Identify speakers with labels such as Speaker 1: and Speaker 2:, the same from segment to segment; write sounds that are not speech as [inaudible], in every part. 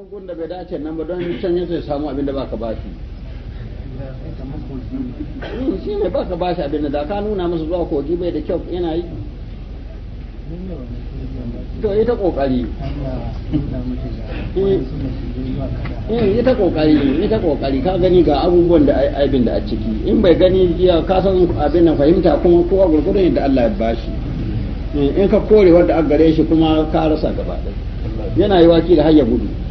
Speaker 1: ogun da bai dace nan ba don can ya samu abin da baka ka nuna masa zuwa kogi bai da yana yi to eh, eh, ga abubuwan da aibin in bai gani jiya ka san fahimta kuma kowa gurgurun yadda Allah ya bashi eh, in ka kore gare shi kuma ka rasa gaba yi waki da har gudu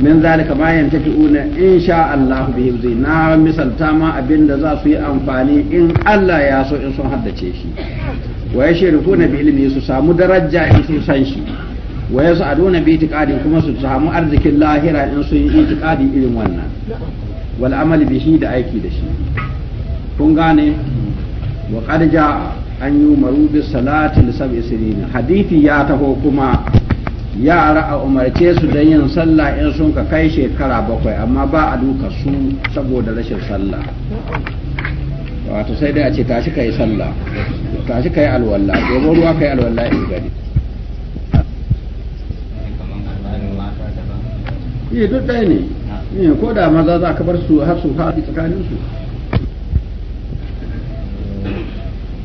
Speaker 1: min zalika ma yantafi'una insha Allah bihi zai na misalta ma abinda za su yi amfani in Allah ya so in sun haddace shi wa na bi ilmi su samu daraja in sun san shi wa yas'aluna bi itiqadin kuma su samu arzikin lahira in sun yi itiqadi irin wannan wal amal bihi da aiki da shi kun gane wa qad ja'a an yumaru bis salati li sab'i sinin hadisi ya taho kuma yara a umarce su don yin sallah in sun ka kai shekara bakwai amma ba a duka su saboda rashin sallah wato sai dai a ce tashi ka yi sallah tashi ka yi alwalla domin ruwa ka yi alwalla in gari yi eh, duk ɗaya ne eh, ko da maza za ka bar su har su haɗi tsakaninsu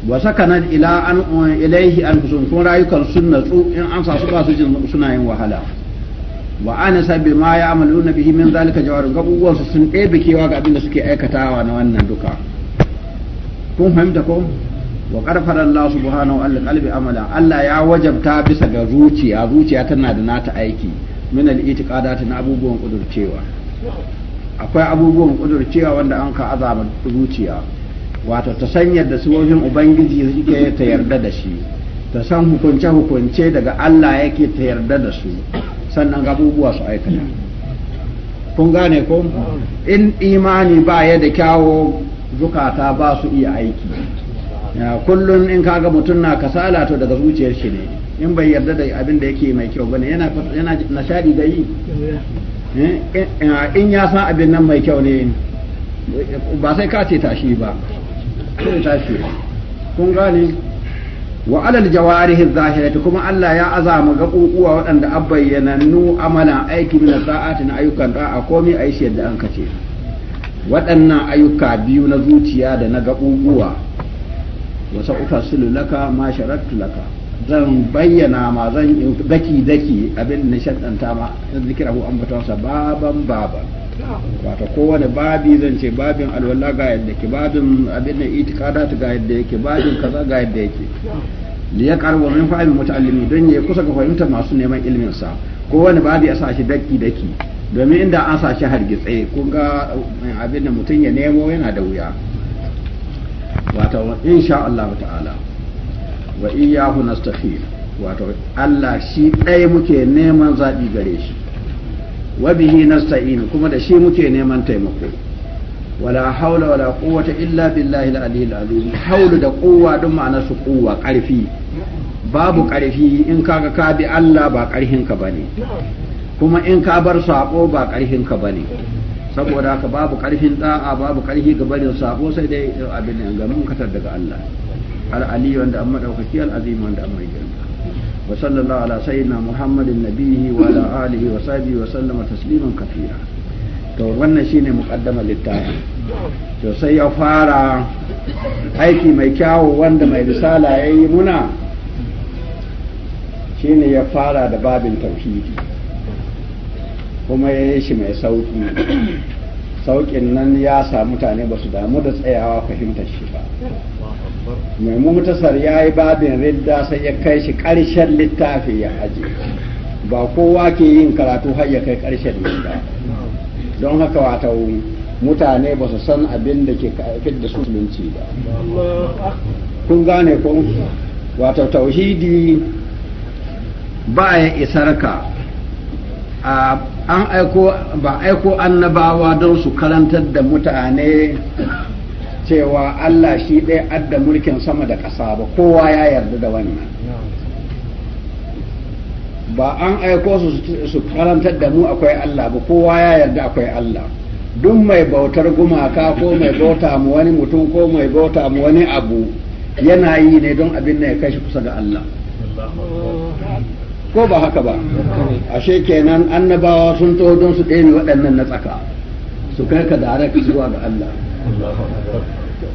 Speaker 1: wa na ila an uh, ilaihi kusun kuma rayukan sun natsu in an sa su ba su jin suna yin wahala wa ana sabbi ma ya'maluna bihi min zalika jawar gabuwan su sun ɗebe kewa ga abin da suke aikatawa na wannan duka kun fahimta ko wa qarfara Allah subhanahu wa ta'ala amala Allah ya wajabta bisa ga zuciya zuciya tana da nata aiki min al-i'tiqadati na abubuwan kudurcewa akwai abubuwan kudurcewa wanda an ka azaba zuciya wato ta yadda da suwofin ubangiji suke ta yarda da shi ta san hukunce hukunce daga Allah yake ta yarda da su sannan abubuwa su aikata kun gane ko in imani ba ya da kyawo zukata ba su iya aiki kullum in kaga mutum na kasala to daga zuciyar shi ne in bai yarda da abin da yake mai kyau bane yana yana nashadi da yi eh, in ya san abin nan mai kyau ne ba sai ka ce tashi ba sun tashi kun gane wa alal jawarihi zahirati kuma Allah ya azama ga kukuwa waɗanda abbayyanannu amala aiki min sa'atin na ayyukan da'a komai ayi shi yadda an kace waɗannan ayyuka biyu na zuciya da na gaɓuɓuwa wasa ufasilu laka ma sharattu laka zan bayyana ma zan daki daki abin na shaddanta ma zikirahu ambatonsa baban baban wato kowane babi zan ce babin alwala ga yadda ke babin abin da ta ga yadda yake babin kaza ga yadda yake li ya karbo min fa'il muta'allimi don ya kusa ga fahimtar masu neman ilminsa sa kowane babi a sashi daki daki domin inda an sashi hargitse kun ga eh, abin da mutum ya nemo yana da wuya wato insha Allah ta'ala wa iyyahu nastakhir wato Allah shi ɗaya muke neman zaɓi gare shi wa bihi nasta'in kuma da shi muke neman taimako wala haula wala quwwata illa billahi al-aliyyil azim haulu da quwwa duk ma'anar su quwwa ƙarfi babu ƙarfi in kaga ka bi Allah ba ƙarhin ka bane kuma in ka bar sako ba ƙarhin ka bane saboda ka babu ƙarfin da'a babu ƙarfi ga barin sako sai dai abin nan ga mun katar daga Allah al-ali wanda an madaukaki al-azim wanda an mai girma wa sallallahu ala sayyidina muhammadin nabiyhi wa ala tasliman to wannan shine muqaddamar littafin to sai ya fara aiki mai kyawu wanda mai risala yayi muna shine ya fara da babin tauhidi kuma ya yi shi mai sauki sauƙin nan ya sa mutane ba su damu da tsayawa fahimtar shi ba mai mutasar ya yi babin ridda sai ya kai shi ƙarshen littafi ya haji ba kowa ke yin karatu har ya kai ƙarshen ridda don haka wata mutane ba su san abin da ke kafin da su musulunci ba kun gane kun Wata tauhidi bayan isarka an aiko ba aiko annabawa don su karantar da mutane cewa Allah shi ɗaya adda mulkin sama da ƙasa ba kowa ya yarda da wannan ba an aiko su su karantar da mu akwai Allah ba kowa ya yarda akwai Allah duk mai bautar gumaka ko mai bauta mu wani mutum ko mai bauta mu wani abu yana yi ne don abin da ya kai shi kusa da Allah ko ba haka ba ashe kenan annabawa sun taho don su ɗaya waɗannan na tsaka su kai ka da zuwa ga Allah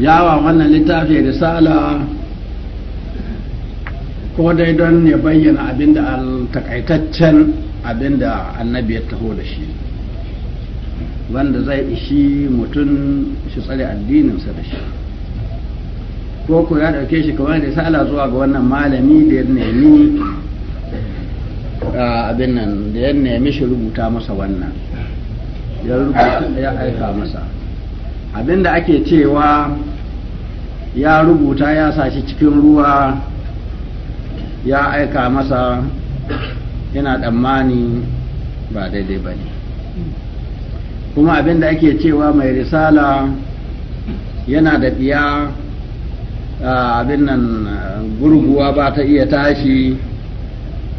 Speaker 1: yawa wannan littafi da risala ko dai don ya bayyana abinda takaitaccen abinda annabi ya taho da shi wanda zai ishi mutum shi tsare addininsa da shi ko ku ya ɗauke shi kamar risala zuwa ga wannan malami da ya nemi abin nan da ya nemi shi rubuta masa wannan ya rubuta ya aika masa abinda ake cewa ya rubuta ya sa shi cikin ruwa ya aika masa yana tsammani ba daidai ba ne kuma abinda ake cewa mai risala yana da biya abin nan gurguwa ba ta iya tashi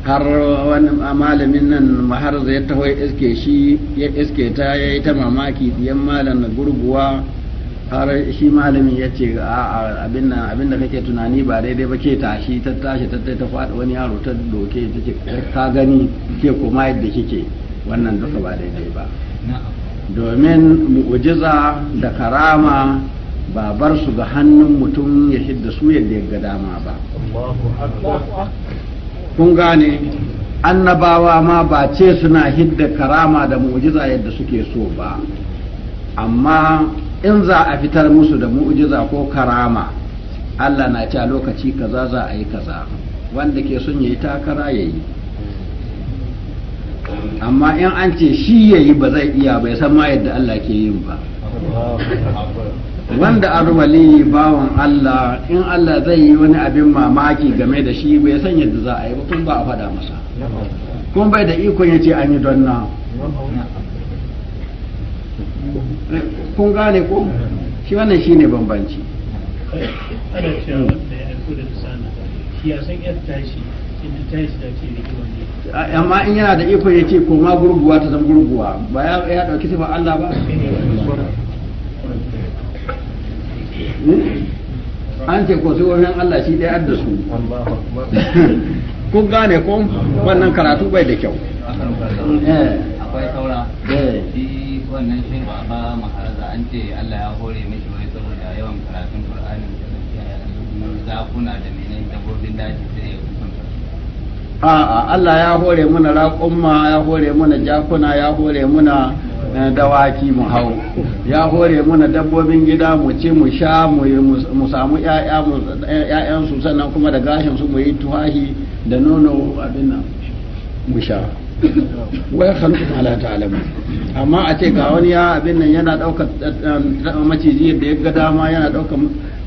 Speaker 1: har wani malamin nan har zai taho ya iske shi ya iske ta ya yi ta mamaki biyan malam na gurguwa har shi malamin ya ce abin abin da kake tunani ba daidai ba ke tashi ta tashi ta ta faɗi wani yaro ta doke ta ce ka gani ke kuma yadda kike wannan duka ba daidai ba domin mu'ujiza da karama ba bar su ga hannun mutum ya shidda su yadda ya ga dama ba kun gane annabawa ma ba ce suna hidda karama da mu'jiza yadda suke so ba amma in za a fitar musu da mu'jiza ko karama Allah na ci a lokaci kaza za a yi kaza wanda ke son yayi takara yayi amma in an ce shi yayi ba zai iya bai san ma yadda Allah ke yin ba wanda armali bawan Allah in Allah zai yi wani abin mamaki game da shi bai san yadda za a yi ba kun ba a faɗa masa kun bai da ikon ya ce an yi don na kun gane ko shi wannan shi ne bambanci
Speaker 2: amma in yana da ikon ya
Speaker 1: ce koma gurguwa ta zama gurguwa ba ya ɗauki sifar Allah ba
Speaker 3: Hmm? an ce
Speaker 1: ko wurin Allah shi ɗaya da su kun gane ko wannan karatu bai da kyau eh. akwai saura eh.
Speaker 2: shi wannan shi ba maharaza an ce Allah ya hore mishi wai saboda yawan karatun Qur'ani da zafuna da menene dabbobin daji sai
Speaker 1: a'a Allah ya hore muna raƙumma ya hore muna jakuna ya hore muna eh, dawaki mu hau ya hore muna dabbobin gida mu ci mu sha mu samu ‘ya'yansu sannan kuma da gashin su mu yi tuhahi da nono abin nan mu sha wai halittun halata alamu amma a ce ga wani ya abin nan yana ɗaukar eh, maciji da ya ga dama yana ɗaukar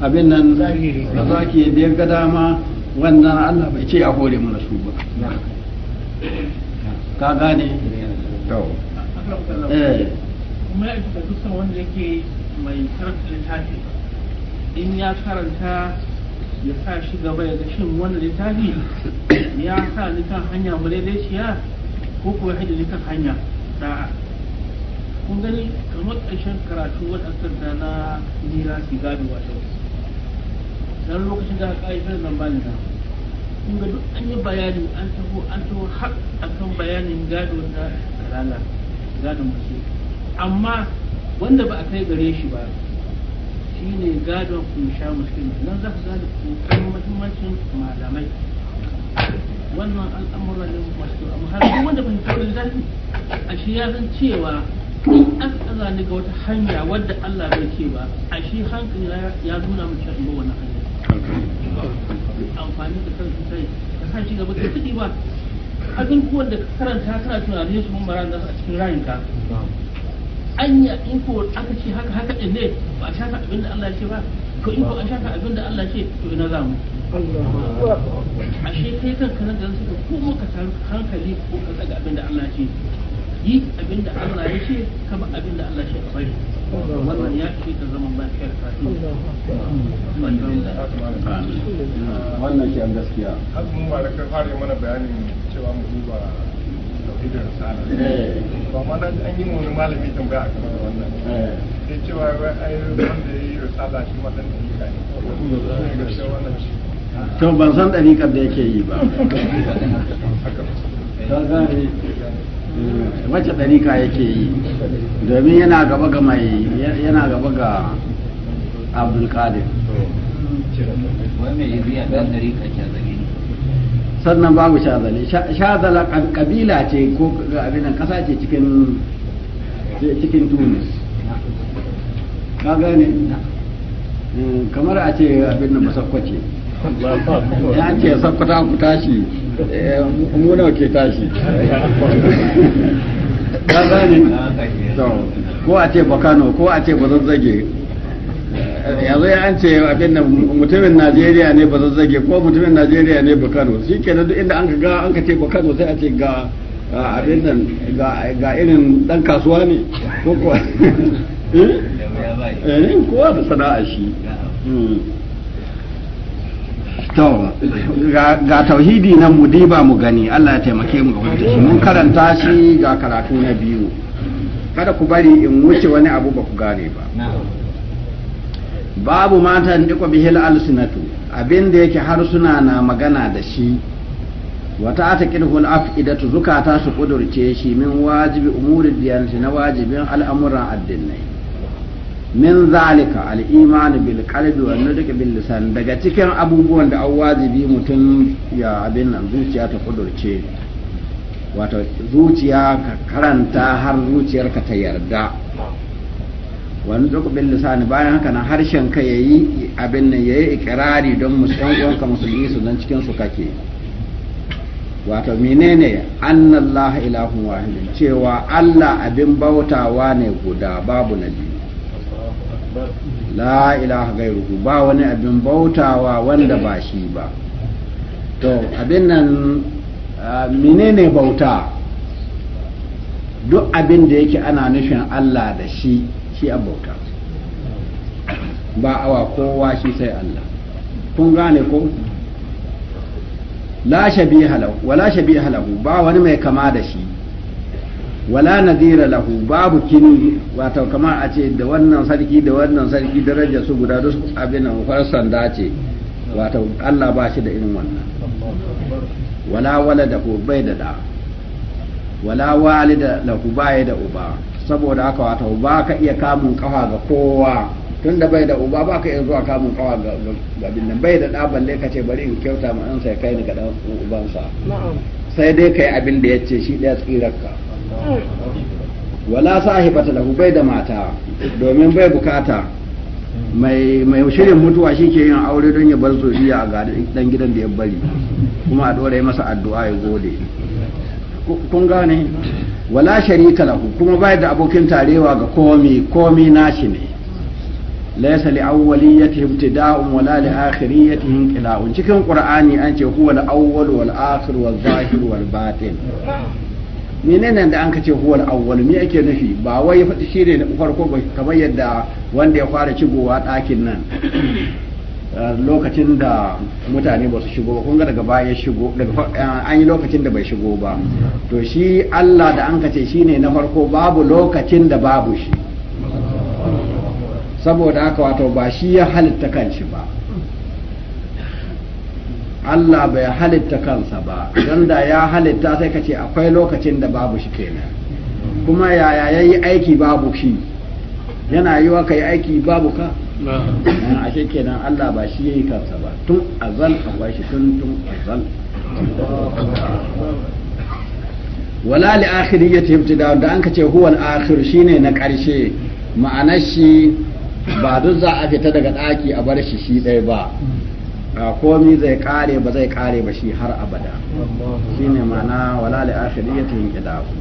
Speaker 1: abin nan zaki da ya ga dama wannan Allah bai ce a hore mana su ba ka gane to
Speaker 2: eh
Speaker 3: kuma ya fita dukkan
Speaker 2: wanda yake mai karanta littafi in ya karanta ya sa shi gaba ya ga shin wannan littafi ya sa ni kan hanya mu daidaiciya ko kuwa hajji ni kan hanya da'a kun gani kamar ƙarshen karatu waɗansan da na nira sigari wato dan lokacin da aka yi sanin nan ba ni da kun ga duk an yi bayani an taho an taho har akan bayanin gado na karala gadon mace amma wanda ba a kai gare shi ba shi ne gadon kun sha muskil nan za ku gane kokarin muhimmancin malamai wannan al'amura ne masu amma har duk wanda bai kawo zafi a shi ya zan cewa in an tsara ni ga wata hanya wadda Allah bai ce ba a shi hankali ya nuna mu cewa wani hanya amfani da kansu sai ka sa shi gaba ka tuki ba abubuwan da ka karanta kana tunanin su mun maran a cikin rayinka anya in ko aka ce haka haka din ne ba a shaka abin da Allah ya ce ba to in ko a shaka abin da Allah ya ce to ina za mu ashe kai kanka nan da suka ko muka hankali ko ka tsaga abin da Allah ya ce yi abin da Allah ya ce ka abin da Allah ya ce
Speaker 3: wannan ya
Speaker 2: fi wannan ke gaskiya da eh. ba ma da an yi mun malami tambaya a wannan eh.
Speaker 3: sai cewa ai wanda yi risala shi ma dan ne to ban san
Speaker 1: da yake yi ba wace ɗarika yake yi domin yana gaba ga mai yana gaba ga abdulkadir sannan babu shazali shazala kabila ce ko abinan kasa ce cikin cikin tunis ka gane eh, kamar a ce abin da ce. ya ce sakwata ku tashi eh, muna ke tashi ya zane ko a ce bakano ko a ce bazazzage eh, yanzu ya an ce abin da mutumin najeriya ne bazazzage ko mutumin najeriya ne bakano shi ke duk inda an ka ga an ka ce bakano sai a ce ga abin nan ga irin dan kasuwa ne ko kuwa [laughs] eh? kowa da sana'a shi hmm. to ga tauhidi nan mu diba mu gani Allah ya taimake mu ga shi mun karanta shi ga karatu na biyu kada ku bari in wuce wani abu ba ku gane ba babu mata ndiko bihil alsinatu abin da yake harsuna na magana da shi wata ta kirhul af'idatu zukata su kudurce shi min wajibi umuri diyanti na wajibin al'amuran addinai min zalika al'imani bil qalbi wa nutq bil lisan daga cikin abubuwan da wajibi mutum ya abin nan zuciya ta kudurce wato zuciya ka karanta har zuciyarka ta yarda wa nutq bil lisan bayan haka nan harshen ka yayi abin nan yayi ikrari don musulman ka musulmi su nan cikin su kake wato menene annallaha ilahun wahidin cewa Allah abin bautawa ne guda babu na biyu la ilaha gairuhu ba wani abin bautawa wanda ba shi ba to abin nan menene bauta duk abin da yake ana nufin Allah da shi shi a bauta ba awa kowa shi sai Allah kun gane ko la shabiha lahu wala shabiha lahu ba wani mai kama da shi wala nadira lahu babu kini wato kamar a ce da wannan sarki da wannan sarki darajar su guda duk abin nan farsan da ce wato Allah ba shi da irin wannan wala wala da ku bai da da wala walida lahu bai da uba saboda haka wato ba ka iya kamun kafa ga kowa tunda bai da uba ba ka iya zuwa kamun kafa ga abin nan bai da da balle ka ce bari in kyauta ma an sai kai ni ga dan ubansa sai dai kai abin da yace shi da tsirarka wala sahibata lahu bai da mata domin bai bukata mai shirin mutuwa shi ke yin aure don ya bar zuriya a dan gidan da ya bari kuma a dore masa addu'a ya gode kun gane wala sharika lahu kuma bai da abokin tarewa ga komi komi nashi ne laysa li awwaliyati ibtida'un wala li akhiriyati qila'un cikin qur'ani an ce huwa al-awwal wal akhir wal zahir wal batin menene da an kace huwal awwal me ake nufi ba wai faɗi shi ne farko ba kamar yadda wanda ya fara shigowa ɗakin nan [clears throat] lokacin da mutane ba su shigo ba kun daga baya shigo daga eh, an yi lokacin da bai shigo ba to shi Allah da an kace shine na farko babu lokacin da babu shi saboda haka wato ba shi ya halitta shi ba Allah bai halitta kansa ba don da ya halitta sai ka ce akwai lokacin da babu shi kenan kuma yaya ya yi aiki babu shi yana yi wa kai aiki babu ka ashe kenan Allah ba shi yi kansa ba tun azal akwai shi tun tun azal wala li akhiri ya tafi da an ka ce huwa al-akhir shine na karshe ma'anar shi ba duk za a fita daga daki a bar shi shi ɗaya ba komi zai kare ba zai kare ba shi har abada shine mana wala li akhiriyatihim idafu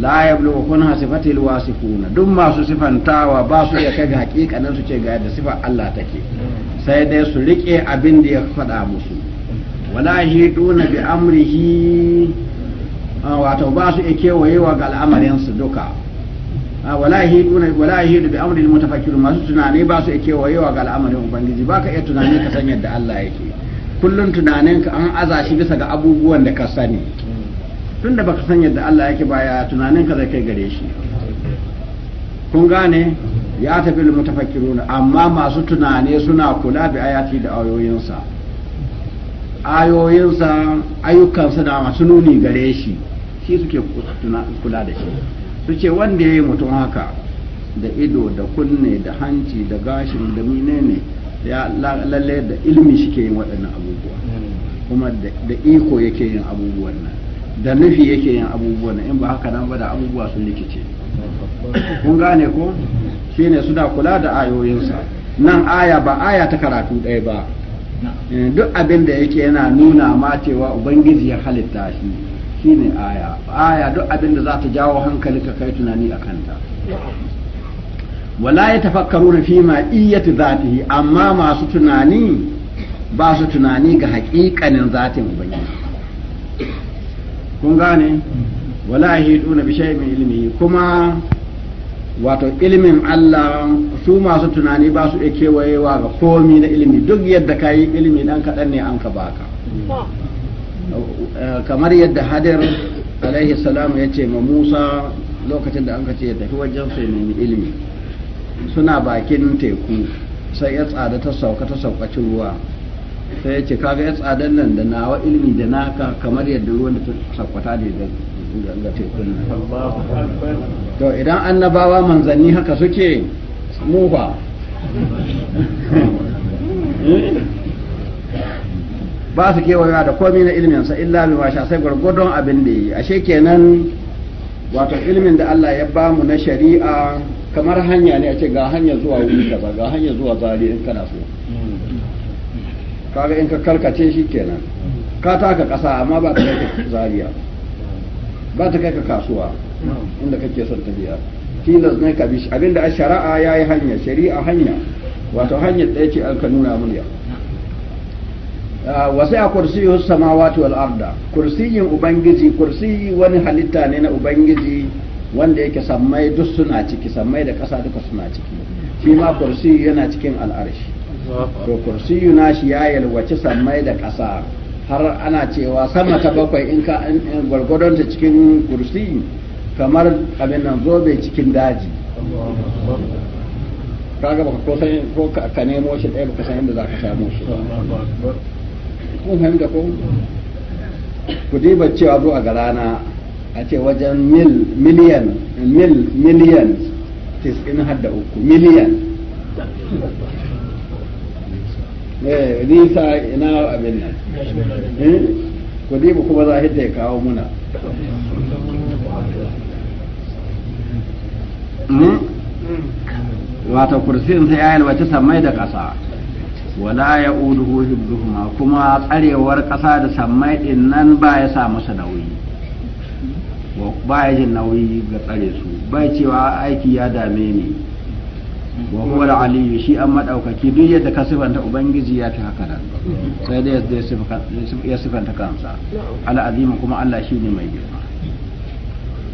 Speaker 1: la yablughu kun hasifati alwasifuna duk masu sifantawa ba su ya kai ga hakikanin su ce ga da sifa Allah take sai dai su rike abin da ya faɗa musu wala hiduna bi amrihi ah, wato ba su ya wa ga al'amarin su duka Ah, wala yahiduna wala yahidu bi masu tunani ba su yake wayewa ga al'amarin ubangiji baka iya tunani ka san yadda Allah yake kullun tunaninka an aza shi bisa ga abubuwan da ka sani tunda baka san yadda Allah yake ba ya ka zai kai gare shi kun gane ya tafi almutafakkiruna amma masu tunani suna kula bi ayati da ayoyinsa ayoyinsa ayyukansa da masu nuni gare shi shi suke kula da shi su ce wanda ya yi mutum haka da ido da kunne da hanci da gashin da ne ya lalle da ilmi shike yin waɗannan abubuwa kuma da iko yake yin abubuwan nan da nufi yake yin abubuwan nan in ba haka nan ba da abubuwa sun likice kun gane ko shi ne suna kula da ayoyinsa nan aya ba aya ta karatu ɗaya ba eh, duk abin da yake yana nuna ma ubangiji ya halitta shi shine aya aya duk abin da za ta jawo hankali ka kai tunani a kanta wala ya tafakkaru fi ma iyati zatihi amma masu tunani ba su tunani ga haƙiƙanin zatin ubangi kun gane wala yahiduna bi shay'in min ilimi kuma wato ilimin Allah su masu tunani ba su iya kewayewa ga komi na ilimi duk yadda ka yi ilimi dan kaɗan ne an ka baka kamar yadda hadir alaihi salam ya ce ma musa lokacin da an ka ce ya tafi wajen sai nemi ilimi suna bakin teku sai ya tsada ta sauka ta saukacin ruwa sai ya ce kaga ya tsadan nan da nawa ilimi da naka kamar yadda ruwan da ta saukata ne da tekun to idan annabawa manzanni haka suke mufa [laughs] eh, ba su kewaya da komai na ilmin sa illa bi masha sai gurgurdon abin da yi ashe kenan wato ilmin da Allah ya bamu na shari'a kamar hanya ne a ce ga hanya zuwa wuri kaza ga hanya zuwa zari in kana so kaga in ka karkace shi kenan ka taka kasa amma ba ta kai zariya ba ta kai ka kasuwa inda kake son ta biya tilas ne ka bi abinda a shari'a yayi hanya shari'a hanya wato hanyar da yake alka nuna mun ya Ah, wasi'a kursiyyu samawati wal arda kursiyin ubangiji kursiyi wani halitta ne na ubangiji wanda yake sammai duk suna ciki sammai da kasa duka suna ciki shi ma kursiyu yana cikin al'arshi to kursiyu na shi ya yalwaci sammai da kasa har ana cewa sama ta bakwai in ka gwargwadon ta cikin kursi kamar abin nan zobe cikin daji kaga baka ko ka nemo shi ɗaya baka san inda za ka samu shi kun fahimta ko ku diba cewa zuwa ga rana a ce wajen mil miliyan mil miliyan tis'in har da uku miliyan eh, nisa ina abin nan eh, ku diba kuma za a ya kawo muna hmm? wata kursin sai ya yalwaci samai da ƙasa wala ya uduhu hibduhuma kuma tsarewar ƙasa da sammai ɗin nan ba ya sa masa nauyi ba ya jin nauyi ga tsare su bai cewa aiki ya dame ni wa da aliyu shi an maɗaukaki duk yadda ka sifanta ubangiji ya fi haka nan sai dai ya sifanta kansa al'azima kuma Allah shi ne mai girma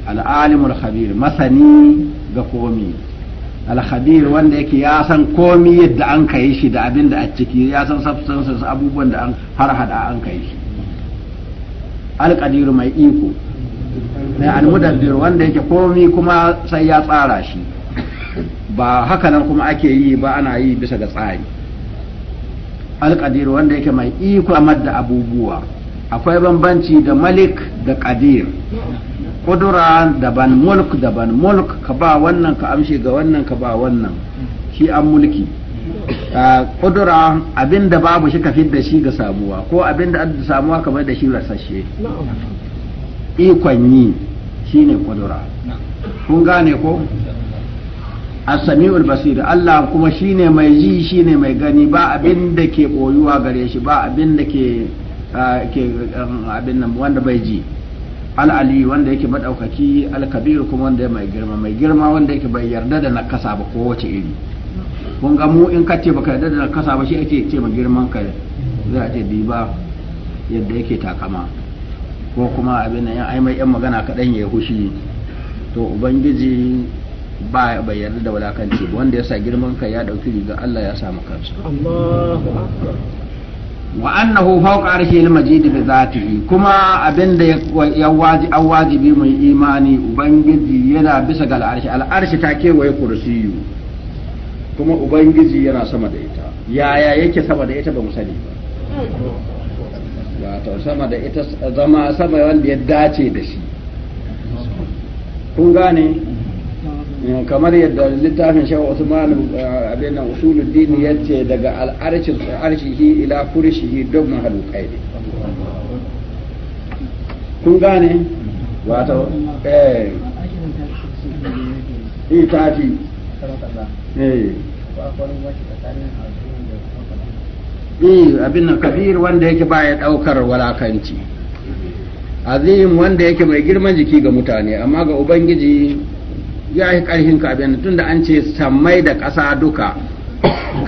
Speaker 1: al'alimul khabir masani ga komi alhadir wanda yake ya san komi yadda an kai shi da abin da a ciki ya san substances abubuwan da an har an kai shi alqadir mai iko na almudabbir wanda yake komi kuma sai ya tsara shi ba haka nan kuma ake yi ba ana yi bisa ga tsari alkadir wanda yake mai iko amad da abubuwa akwai bambanci da malik da qadir kudura daban mulk daban mulk ka ba wannan ka amshe ga wannan ka ba wannan shi an mulki
Speaker 3: mm.
Speaker 1: ah, kudura abin da babu shi ka da shi ga samuwa ko abin da samuwa ka bai da shi rasashe ikon yi shi ne kudura kun gane ko as-sami'ul basir Allah kuma ne mai ji shi ne mai gani ba abin da ke ɓoyuwa gare shi ba abin da ke ah, um, abin nan wanda bai ji al'ali wanda yake maɗaukaki alkabir kuma wanda mai girma mai girma wanda yake bai yarda da nakasa ba kowace iri kun ga mu in ka ce baka yarda da nakasa ba shi ake ce mai girman ka za a ce diba yadda yake takama ko kuma abin nan ai mai yan magana kaɗan ya hushi to ubangiji ba bai yarda da wulakanci wanda ya sa girman ka ya ɗauki riga Allah ya sa kansa Allahu akbar wa annahu fawqa al majid bi zatihi kuma abinda ya waji an wajibi mai imani ubangiji yana bisa ga al arshi ta kewaye kursiyu kuma ubangiji yana sama da ita yaya yake sama da ita ba musali ba ba wato sama da ita zama sama wanda ya dace da shi kun gane kamar yadda littafin shawa Usman eh, abin usulul din yace daga al'arshin arshihi ila furshihi duk mahalukai ne kun gane wato eh itafi eh, eh. eh abin nan kabir wanda yake baya daukar walakanci azim wanda yake mai girman jiki ga mutane amma ga ubangiji ya yi ƙarfin ka tun da an ce sammai da ƙasa duka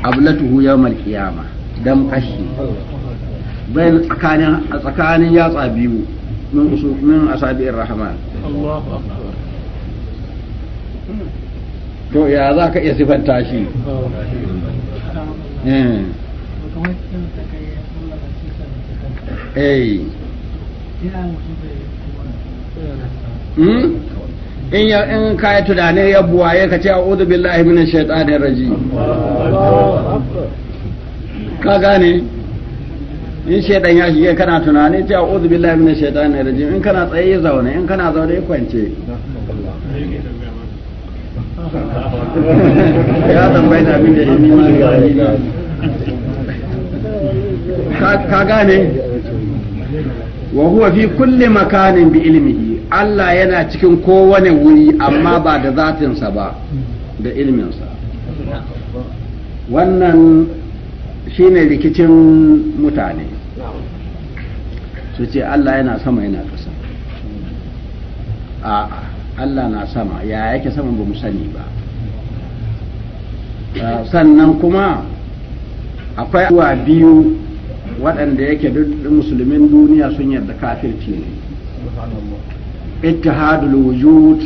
Speaker 1: qablatuhu yawmal qiyama dam kashi bayan tsakanin tsakanin yatsa biyu min usul min asabi'ir rahman to ya za ka iya sifanta shi eh, eh. in ya in ka yi tunani ya buwaye ka ce a'udhu billahi minash shaitanir rajim ka gane in shaitan ya shige kana tunani ce a'udhu billahi minash shaitanir rajim in kana tsaye zaune in kana zaune ya kwance
Speaker 3: ya tambayi da abin da ya nima
Speaker 1: ga ka gane wa huwa fi kulli makanin bi ilmihi Allah yana cikin kowane wuri amma ba da zatinsa ba da ilminsa wannan shine rikicin mutane su ce Allah yana sama yana ƙasa a Allah na sama ya yake sama ba mu sani ba ah, sannan kuma akwai abubuwa biyu waɗanda yake duk musulmin duniya sun yarda kafirci ne اتحاد الوجود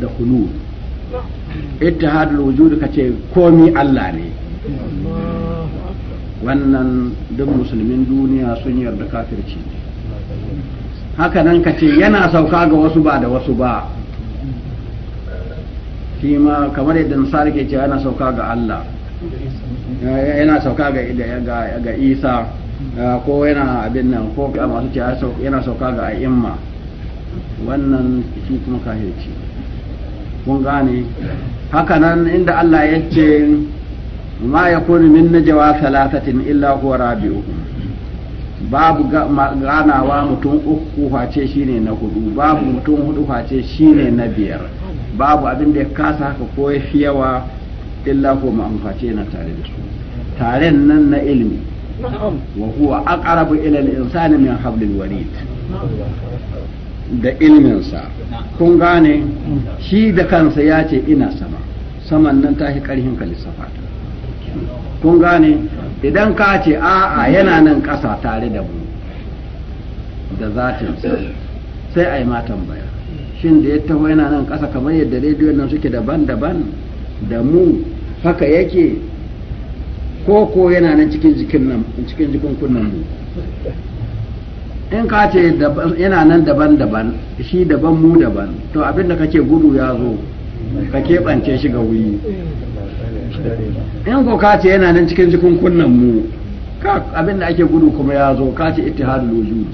Speaker 1: da hulul ittihadul wujud kace komi Allah ne wannan duk musulmin duniya sun yarda kafirci ne haka nan kace yana sauka ga wasu ba da wasu ba shi ma kamar yadda misali ke ce yana sauka ga Allah yana sauka ga Isa ko yana abin nan ko masu cewa yana sauka ga a'imma wannan shi kuma kahirci kun gane hakanan inda Allah ya ce ma ya kuni min najawa salatatin illa huwa rabi'uhum babu ganawa mutum uku face shine na hudu babu mutum hudu face shine na biyar babu abin da ya kasa haka ko ya fi yawa illa huwa ma'amface na tare da su tare nan na ilimi wa huwa aqrabu ila al-insani min hablil warid da ilminsa kun gane shi da kansa ya ce ina sama saman nan ta fi ƙarhin kalisafa kun gane idan ka ce a'a yana nan ƙasa tare da mu da zatinsa sai a yi ma tambaya shin da ya taho yana nan ƙasa kamar yadda rediyo nan suke daban-daban da mu haka yake ko ko yana nan cikin jikin nan cikin jikin kunnan mu in ka ce yana nan daban-daban shi daban mu daban to abinda kake gudu ya zo ka keɓance shi ga wuyi in ko ka ce yana nan cikin cikin kunnan mu abinda ake gudu kuma ya zo ka ce ittihadul wujud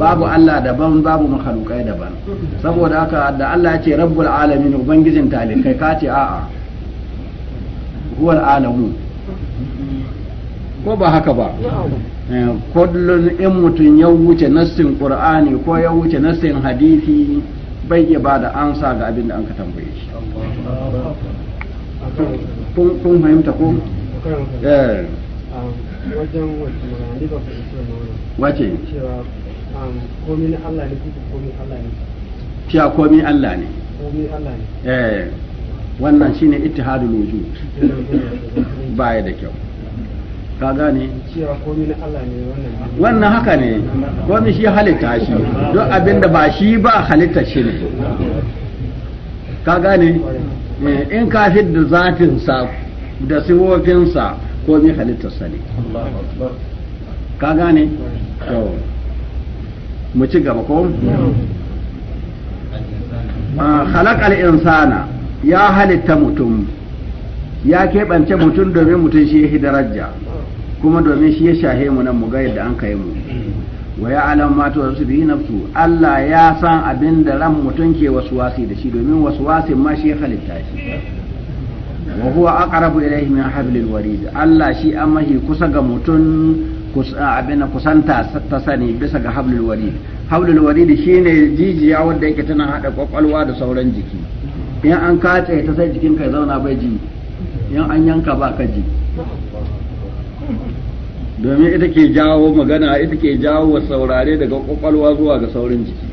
Speaker 1: babu Allah daban babu makhlukai daban saboda haka da Allah ya ce rabbul alamin ubangijin talikai ka ce a'a huwal alamu ko ba haka ba Eh, kullun in mutum ya wuce nassin qur'ani ko ya wuce nassin hadisi bai iya ba da ansa ga abin da an ka tambaye shi kun fahimta ko eh
Speaker 3: wajen
Speaker 2: wace cewa um, komi na Allah ne kuka komi
Speaker 3: Allah ne
Speaker 1: cewa komi Allah ne
Speaker 3: komi Allah ne
Speaker 1: eh wannan shine ittihadul wujud baya da kyau ka gane
Speaker 2: wannan haka ne komai shi halitta shi don abin da ba
Speaker 1: shi ba halitta shi ne ka gane eh, in ka da zafinsa da siwofinsa komai sa ne ka gane to mu ci gaba ko ah, khalaqal insana ya halitta mutum ya keɓance mutum domin mutum shi ya daraja kuma domin shi ya shahe mu nan mu ga yadda an kai mu wa ya alam ma to su bi nafsu Allah ya san abin da ran mutum ke waswasi da shi domin waswasin ma shi ya halitta shi wa huwa aqrabu ilayhi min hablil warid Allah shi an mahi kusa ga mutum abin da kusanta ta sani bisa ga hablil warid hablul warid shine jijiya wanda yake tana hada kwakwalwa da sauran jiki in an katse ta sai ka ya zauna bai ji in an yanka ba ka ji domin ita ke jawo magana ita ke jawo wa saurare daga kwakwalwa zuwa ga saurin jiki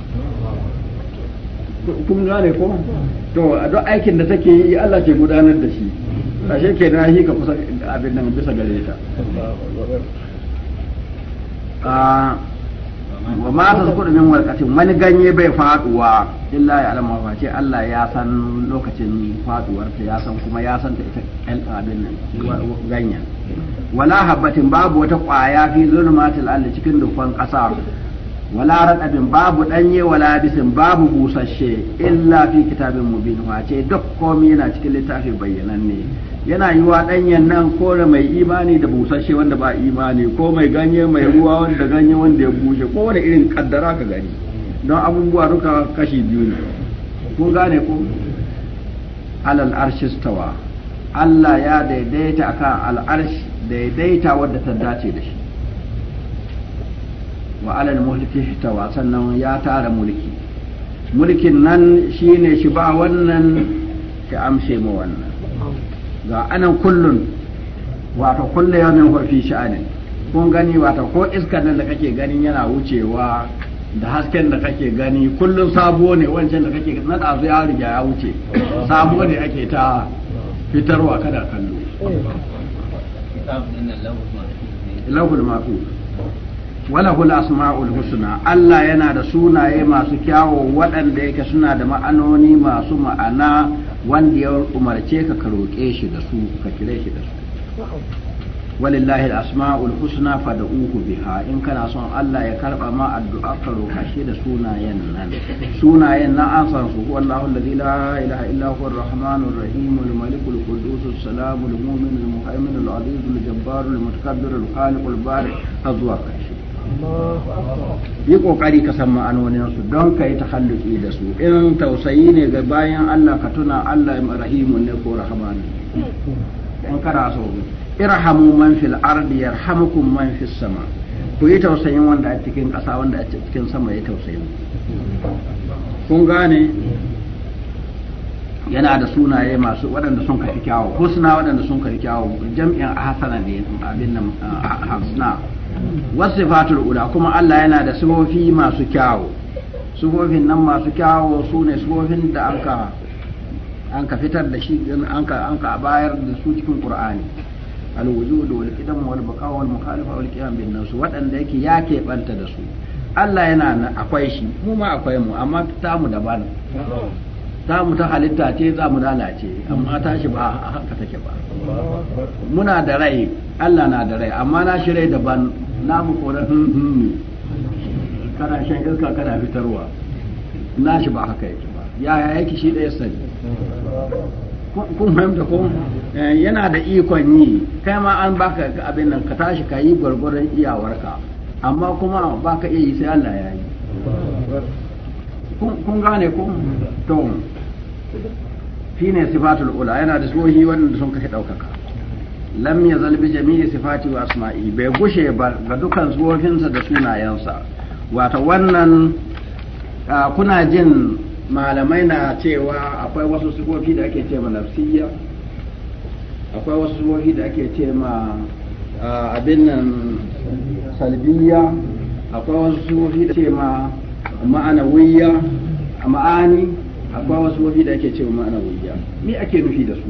Speaker 1: kun gane ko to a duk aikin da take yi Allah ke gudanar da shi Kashe ke na yi ka kusa abin nan bisa gare ta ah, wa ma ta zuku min warqatin wani ganye bai faduwa illa ya alama fa ce Allah ya san lokacin faduwar ta ya san kuma ya san ta ita abin nan ganyen wala habbatin babu wata kwaya fi zulmatil ardi cikin dukkan ƙasa wala radabin babu danye wala bisin babu busasshe illa fi kitabin mubin wace duk komai yana cikin littafi bayyananne yana yi wa danyen nan ko mai imani da busasshe wanda ba imani ko mai ganye mai ruwa wanda ganye wanda ya bushe ko wani irin kaddara ka gani don abubuwa duka kashi biyu ne kun gane ko alal arshistawa Allah ya daidaita kan al'arshi daidaita wadda ta dace da shi wa alal mulki wasan nan ya tara mulki mulkin nan shi ne shi ba wannan ka amshe ma wannan ga anan kullun wato kullu yawmin huwa fi sha'anin kun gani wato ko iska nan da kake gani yana wucewa da hasken da kake gani Kullum sabo ne wancan da kake na ɗazu ya riga ya wuce sabo ne ake ta fitarwa kada kallo
Speaker 3: lahul mafi
Speaker 1: walahul asma'ul husna Allah yana da sunaye masu kyawo waɗanda yake suna da ma'anoni masu ma'ana wanda ya umarce ka ka shi da su ka kire shi da
Speaker 3: su
Speaker 1: walillahi al-asma'ul husna fad'uhu biha in kana son Allah ya karɓa ma addu'a ka roka da sunayen nan sunayen nan an san su wallahu alladhi la ilaha illa al-malik al-qudus as-salam yi kokari ka san ma'anonin su don ka yi tahalluki da su in tausayi ne ga bayan Allah ka tuna Allah rahimun ne ko rahmanu in kana so irhamu man fil ardi yarhamukum man fis sama ku yi tausayin wanda a cikin ƙasa wanda a cikin sama ya tausayin kun gane yana da sunaye masu waɗanda sun kafi kyawu suna waɗanda sun kafi kyawu jam'in hasana ne abin nan hasna wasifatul ula kuma Allah yana da sifofi masu kyawu sifofin nan masu kyawu su ne sifofin da an ka fitar da shi an ka an ka bayar da su cikin Qur'ani alwujud wal qidam wal baqa wal mukhalifa wal qiyam bin nas wadanda yake ya banta da su Allah yana akwai shi mu ma akwai mu amma ta mu daban ta mu ta halitta ce za mu lalace amma ta shi ba haka take ba muna da rai Allah na da rai amma na shi rai daban na mu kora [laughs] kana shan iska kana fitarwa na shi ba haka yake ba yaya yake shi da sani kun fahimta ko eh, yana da ikon yi kai ma an baka abin nan ka tashi ka yi gwargwaron iyawarka amma kuma baka iya yi sai Allah ya yi kun gane ko to fi ne sifatul ula yana da sohi wanda sun kashe ɗaukaka lam ya zalbi jami'i sifati wa asma'i bai gushe ba ga dukkan tsohinsa da sunayensa wata wannan ah, kuna jin malamai na cewa akwai wasu sufofi da ake ce ma nafsiyya akwai wasu sufofi da ake ce ma abin nan salbiya akwai wasu sufofi da ce ma ma'anawiyya ma'ani akwai wasu sufofi da ake ce ma ma'anawiyya me ake nufi da su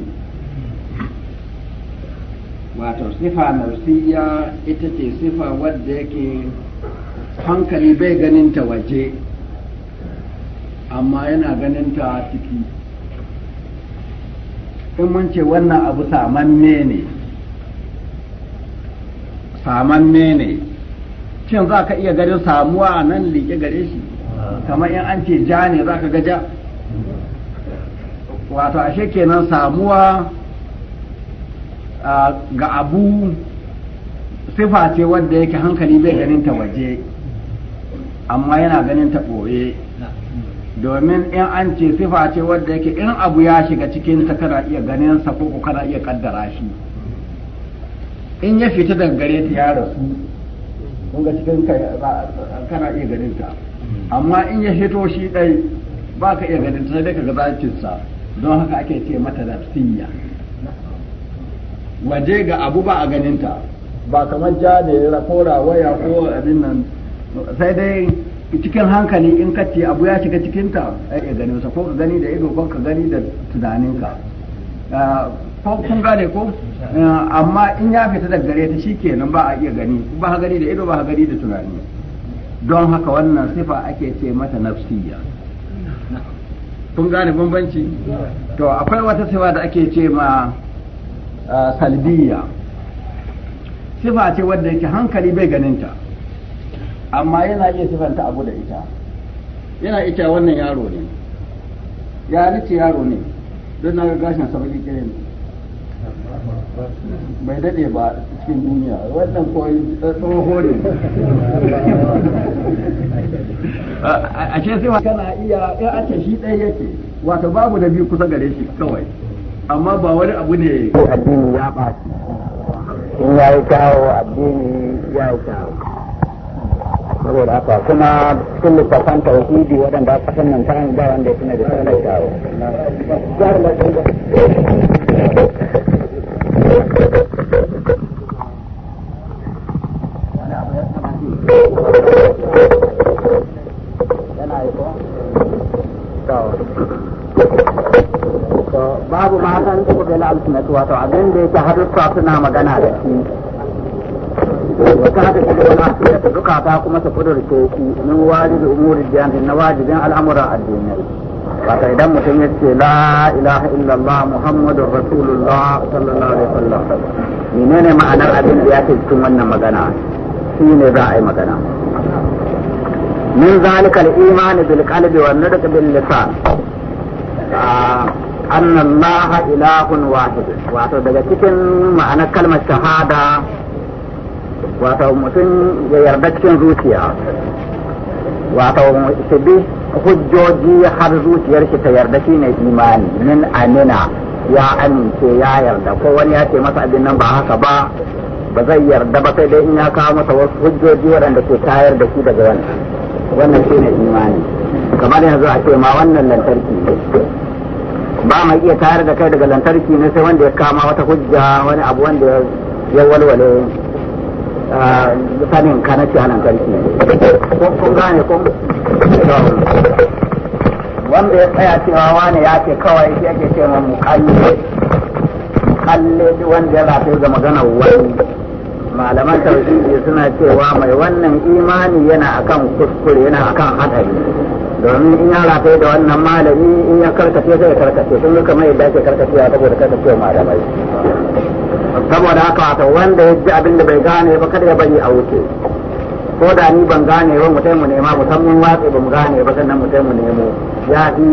Speaker 1: wato sifa nafsiyya ita ce sifa wadda yake hankali bai ganin ta waje amma yana ganin ta ciki in mun ce wannan abu samanne ne samanne ne shin za ka iya ganin samuwa a nan liƙe gare shi kamar in an ce ja ne za ka ga ja wato ashe kenan samuwa ga abu sifa ce wadda yake hankali bai ganin ta waje amma yana ganin ta ɓoye domin in an ce sifa ce wadda yake in abu ya shiga cikin ta kana iya ganin sa ko kana iya kaddara shi in ya fita daga gare ta ya rasu kun ga cikin kana iya ganin ta amma in ya fito shi dai ba ka iya ganin ta sai dai ka ga sa don haka ake ce mata nafsiyya waje ga abu ba a ganin ta ba kamar ja da ko rawaya ko abin nan sai dai cikin hankali in ka ce abu ya shiga cikinta ya iya ganin sa ko ka gani da ido ko ka gani da tunaninka ah, ko kun gane ko ah, amma in ya fita daga gare ta shikenan ba a iya gani ba ha gani da ido ba ha gani da tunani don haka wannan sifa ake ce mata nafsiyya kun gane bambanci to akwai wata sifa da ake ce ma ah, salbiya sifa ce wadda yake hankali bai ganinta amma yana iya sifanta abu da ita yana ita wannan yaro ne ya nace yaro ne don na ga gashin sa baki kirin bai dade ba cikin duniya wannan koyi eh, tsoho ne [laughs]
Speaker 4: a ce sai
Speaker 1: kana iya ya eh, a ce shi ɗaya yake wato babu da biyu kusa gare shi kawai amma ba wani
Speaker 4: abu ne addini ya ɓaci in ya yi kawo addini ya yi kawo saboda haka kuma cikin littafan tauhidi waɗanda aka san nan ta ba wanda ya tuna da sanar dawo babu ma san da wato abin da yake suna magana da shi وكانت تجد المعصية الركعة تاكم تفرر شوكي من واجب أمور الديانة النواجب على الأمر الدينية فإذا متمت لا إله إلا الله محمد رسول الله صلى الله عليه وسلم منين معنى أبن بياتي تمنى مدنا سين داعي مدنا من ذلك الإيمان بالقلب والندق باللسان آه أن الله إله واحد واحد بجتكن معنى كلمة شهادة wato mutum ya yarda cikin zuciya wato shi bi hujjoji har zuciyar shi ta yarda shi ne imani min amina ya amince ya yarda ko wani ya ce masa abin nan ba haka ba ba zai yarda ba sai dai in ya kawo masa wasu hujjoji waɗanda ke tayar da shi daga wani wannan shi ne imani kamar yanzu a ce ma wannan lantarki ba mai iya tayar da kai daga lantarki ne sai wanda ya kama wata hujja wani abu wanda ya walwale sanin kana ci anan tarki kun gane kun wanda ya tsaya cewa wani ya ce kawai shi ake ce ma mukalle mukalle wanda ya rafe ga magana wani malaman tauhidi suna cewa mai wannan imani yana akan kuskure yana akan hadari domin in ya rafe da wannan malami in ya karkace zai karkace sun kamar yadda ake karkacewa saboda karkacewa malamai saboda haka wata wanda ya ji abin da bai gane ba kada ya bari a wuce ko da ni ban gane ba mutai mu nema mu san mun watsi ba mu gane ba sannan mutai mu nemo ya fi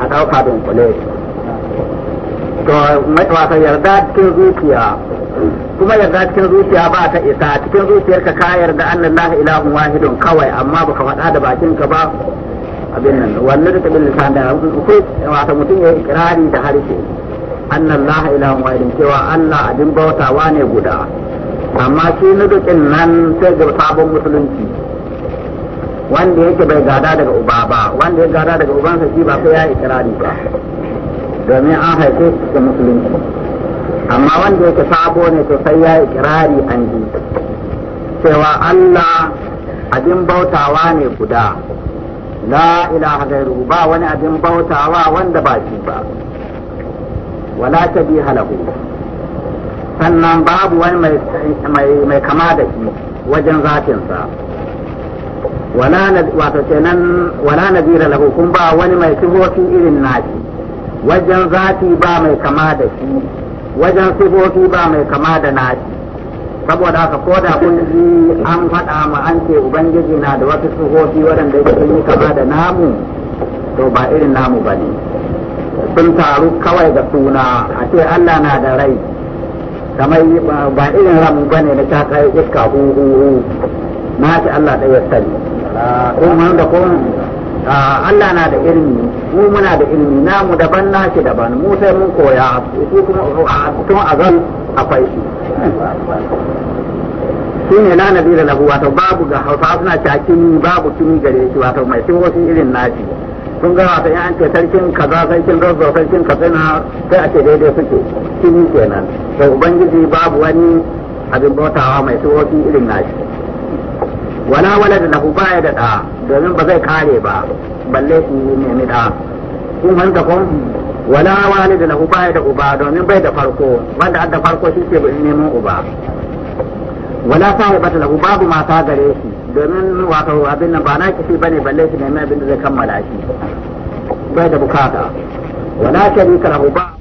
Speaker 4: a ɗauka kule to wata yarda cikin zuciya kuma yarda cikin zuciya ba ta isa cikin zuciyarka ka yarda lahi ilahun wahidun kawai amma ba ka faɗa da bakinka ba abin nan wannan da ta bin lisan da wata mutum ya yi ikirari da harshe annan laha ilahun wahidin cewa Allah abin bautawa ne guda amma shi nudukin nan sai ga sabon musulunci wanda yake bai gada daga uba ba wanda ya gada daga ubansa shi ba sai ya yi kirari ba domin an haife shi da musulunci amma wanda yake sabo ne to sai ya yi kirari an ji cewa Allah abin bauta wa ne guda la ilaha gairu ba wani abin bautawa wanda ba shi ba wala bi halahu sannan babu wani mai kama da shi wajen zatinsa wato kenan wala nazira lahu kun ba wani mai sifofi irin nashi wajen zati ba mai kama da shi wajen sifofi ba mai kama da nashi saboda haka ko da kun ji an faɗa ma an ce ubangiji na da wasu sifofi waɗanda yake yi kama da namu to ba irin namu ba ne sun taru kawai da suna a ce Allah na da rai kamar ba irin ramu ba ne na shakai iska huhu na ce Allah ɗaya sani kuma da kuma Allah na da ilimi mu muna da ilimi namu daban na ce daban mu sai mun koya su kuma a zan akwai shi shi ne na nabi da lahu wato babu ga hausa suna cakin babu kini gare shi wato mai sun wasu irin nashi kun ga wata yan ce sarkin kaza sarkin rozo sarkin katsina sai a ce daidai suke shi kenan to ubangiji babu wani abin bautawa mai tsohofi irin nashi wala wala da nahu baya da da domin ba zai kare ba balle shi nemi da kun hanta kun wala wala da nahu baya da uba domin bai da farko banda da farko shi ke neman uba wala sahibata lahu babu mata gare shi domin wato abin nan ba na bane balle shi ne abin da zai kammala shi bai da bukata wala sharika lahu ba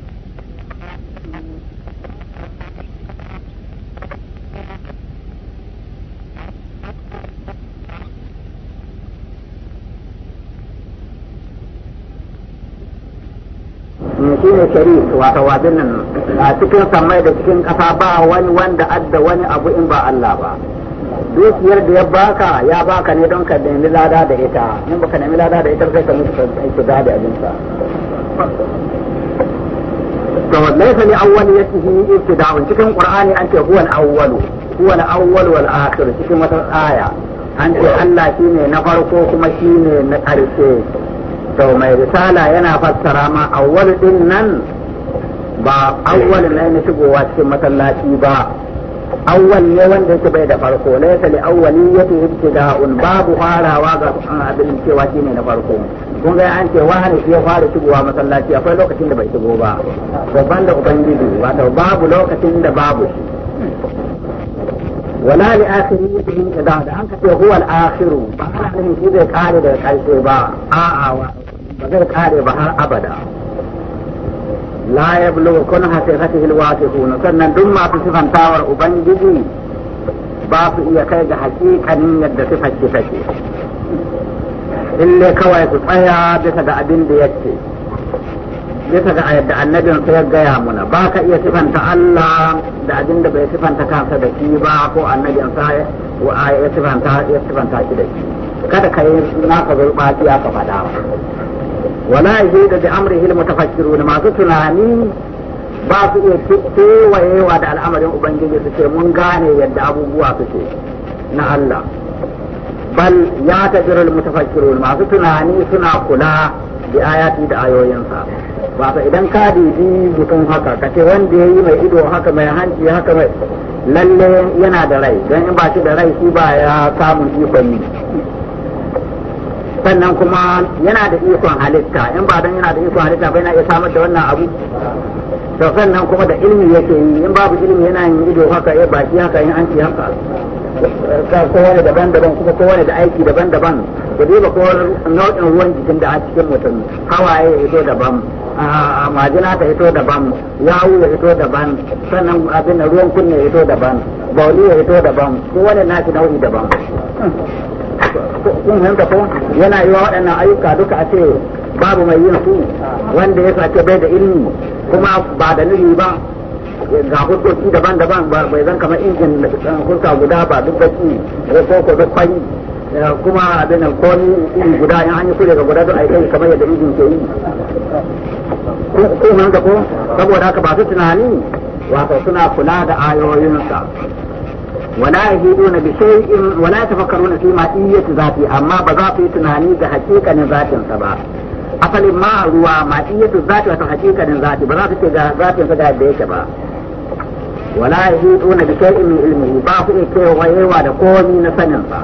Speaker 4: sharif wato wabin nan a cikin samai da cikin kasa ba wani wanda adda wani abu in ba Allah ba dukiyar da ya baka ya baka ne don ka nemi lada da ita in ka nemi lada da ita sai ka mutu ka da da abinsa to laysa li awwal yatihi ibtida'un cikin qur'ani an ce huwa al-awwalu huwa al-awwal wal akhir cikin wata aya an ce Allah shine na farko kuma shine na ƙarshe to mai risala yana fassara ma awwal din nan ba awwal ne na shigowa cikin masallaci ba awwal ne wanda yake bai da farko laysa li awwali yake ibtida'un babu farawa ga abin cewa na farko kun ga an ce wani ya fara shigowa masallaci akwai lokacin da bai shigo ba babban da ubangiji wato babu lokacin da babu shi ولا لآخره أنك الآخر فأنا من قال قال ba zai kare ba har abada la yablu kun hasifatihi alwasifun sannan duk masu sifantawar ubangiji ba su iya kai ga hakikanin yadda su ki take ille kawai su tsaya bisa ga abin da yake bisa ga yadda annabin sa ya gaya muna ba ka iya sifanta Allah da abin da bai sifanta kansa da shi ba ko annabin sa ya sifanta ya sifanta shi da shi kada ka yi naka zurɓaci ka faɗa wala yahidu ilmu amrihi almutafakkirun masu tunani ba su iya kewayewa da al'amarin ubangiji su ce mun gane yadda abubuwa suke na Allah bal ya tajirul mutafakkirun masu tunani suna kula da ayati da ayoyinsa wato idan ka dubi mutum haka ka ce wanda ya yi mai ido haka mai hanci haka mai lalle yana da rai don in ba shi da rai shi ba ya samun ikon sannan kuma yana da ikon halitta in ba don yana da ikon halitta bai na iya samar da wannan abu to sannan kuma da ilmi yake yi in babu ilmi yana yin ido haka ya baki haka in an ci haka kowane daban-daban kuma kowane da aiki daban-daban da dai ba kowane nau'in ruwan jikin da a cikin mutum hawaye ya hito daban majina ta hito daban yawu ya hito daban sannan abin ruwan kunne ya hito daban bauli ya hito daban kowane nasi nau'i daban kun fahimta ko yana yi wa waɗannan ayyuka duka a ce babu mai yin su wanda ya sace bai da ilimi kuma ba da nuhi ba ga hukunci daban-daban bai zan kamar injin hulka guda ba duk baki ko ko duk fari kuma abin alkoni iri guda in an yi kure ga guda duk aikai kamar yadda injin ke yi ko ko saboda haka ba su tunani wato suna kula da ayoyinsa ولا يهيدون بشيء ولا يتفكرون في مائية ذاتي أما بذاتي تناني بحقيقة ذات سبا أصل ما هو مائية الذات وتحقيقة ذاتي بذاتي ذات سبا بيك با ولا يهيدون بشيء من علمه باقي كي ويوا دقومي نسنن با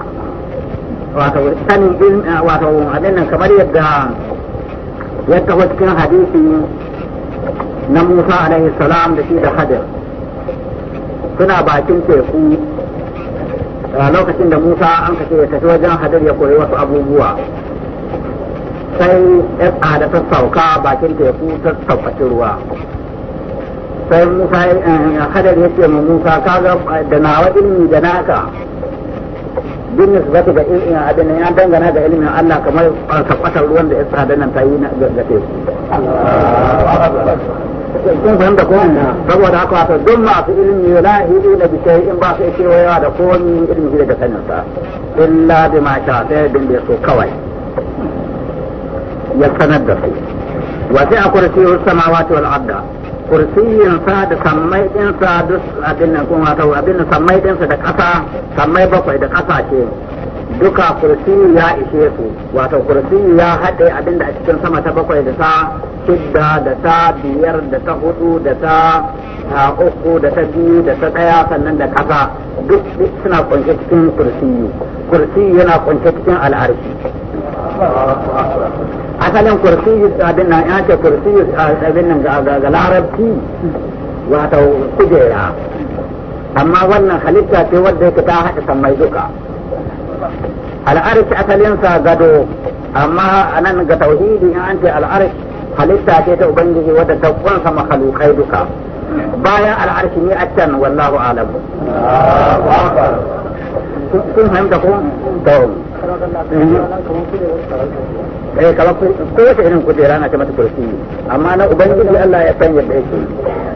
Speaker 4: wato sanin علم wato abin nan kamar yadda ya taho cikin hadisi na Musa suna bakin teku lokacin da musa an kace ya tafi wajen hadar ya koyi wasu abubuwa sai ya da ta sauka bakin teku ta sauka ruwa sai musa eh, hadar ya ce ma musa ga eh, da nawa ilimi da naka da zaka ga eh, abin adana ya dangana da ilimin Allah kamar sakwatar ruwan da ya tsada nan ta yi ga teku kun saboda haka masu ilimi la in ba su da daga sanin sa illa bi da so kawai ya sanar da su a kursiyin sa da sammai din duk abin nan kun abin sammai din da kasa sammai bakwai da kasa ce duka kursiyu ya ishe su wato kursiyu ya haɗe abinda a cikin sama ta bakwai da ta shidda da ta biyar da ta hudu da ta uku da ta biyu da ta ɗaya sannan da ƙasa duk suna kunshe cikin kursiyu kursiyu yana kunshe cikin al'arshi asalin kursiyu abin nan ya ce kursiyu abin nan ga larabci wato kujera amma wannan halitta ce wadda ta haɗe sammai duka al'arshi asalinsa gado amma a nan ga tauhidin in an ce al'arish halitta ce ta ubangiji wadda ta kunsa makhlukai duka bayan al'arish ne a can wallahu alam kun fahimta ko to eh kaba ko wace irin kujera na ta mata kursi amma na ubangiji Allah ya san yadda yake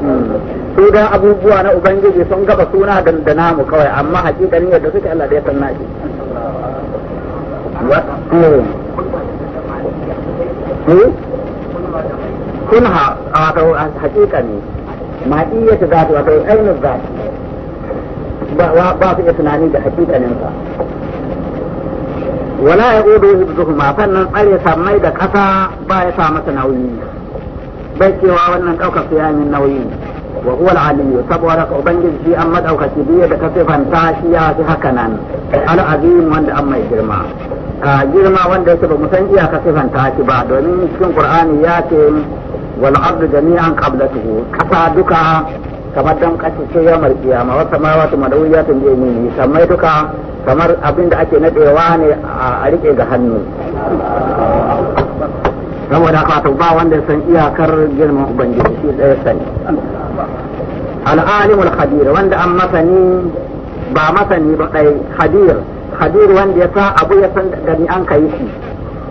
Speaker 4: hmm. su da abubuwa na ubangiji sun gaba suna dandana mu kawai amma hakikanin yadda suke Allah da ya san nashi kunha hmm? a wato hakika ne ma'iyyatu zati wato ainihin zati ba su iya tunani da hakikaninsa wala ya ƙudu hibzuhuma sannan tsare samai da ƙasa ba ya sa masa nauyi bai cewa wannan ɗaukar su yamin nauyi wa huwa al saboda ka ubangiji shi an madaukaki biya da kasifan ta shi ya fi haka nan al-azim wanda an mai girma ka girma wanda yake ba mu san iya kasifan ta shi ba domin cikin qur'ani ya ce wal ardu jami'an qablatuhu kasa duka kamar dan kashi ce ya ma kiyama wa samawati madawiyatun bi yamini sammai duka kamar abin da ake nadewa ne a rike ga hannu saboda ka ba wanda san iyakar girman ubangiji shi ɗaya sani al'alimul khabir wanda an masani ba masani ba kai khabir khabir wanda ya sa abu ya san da ni an kai shi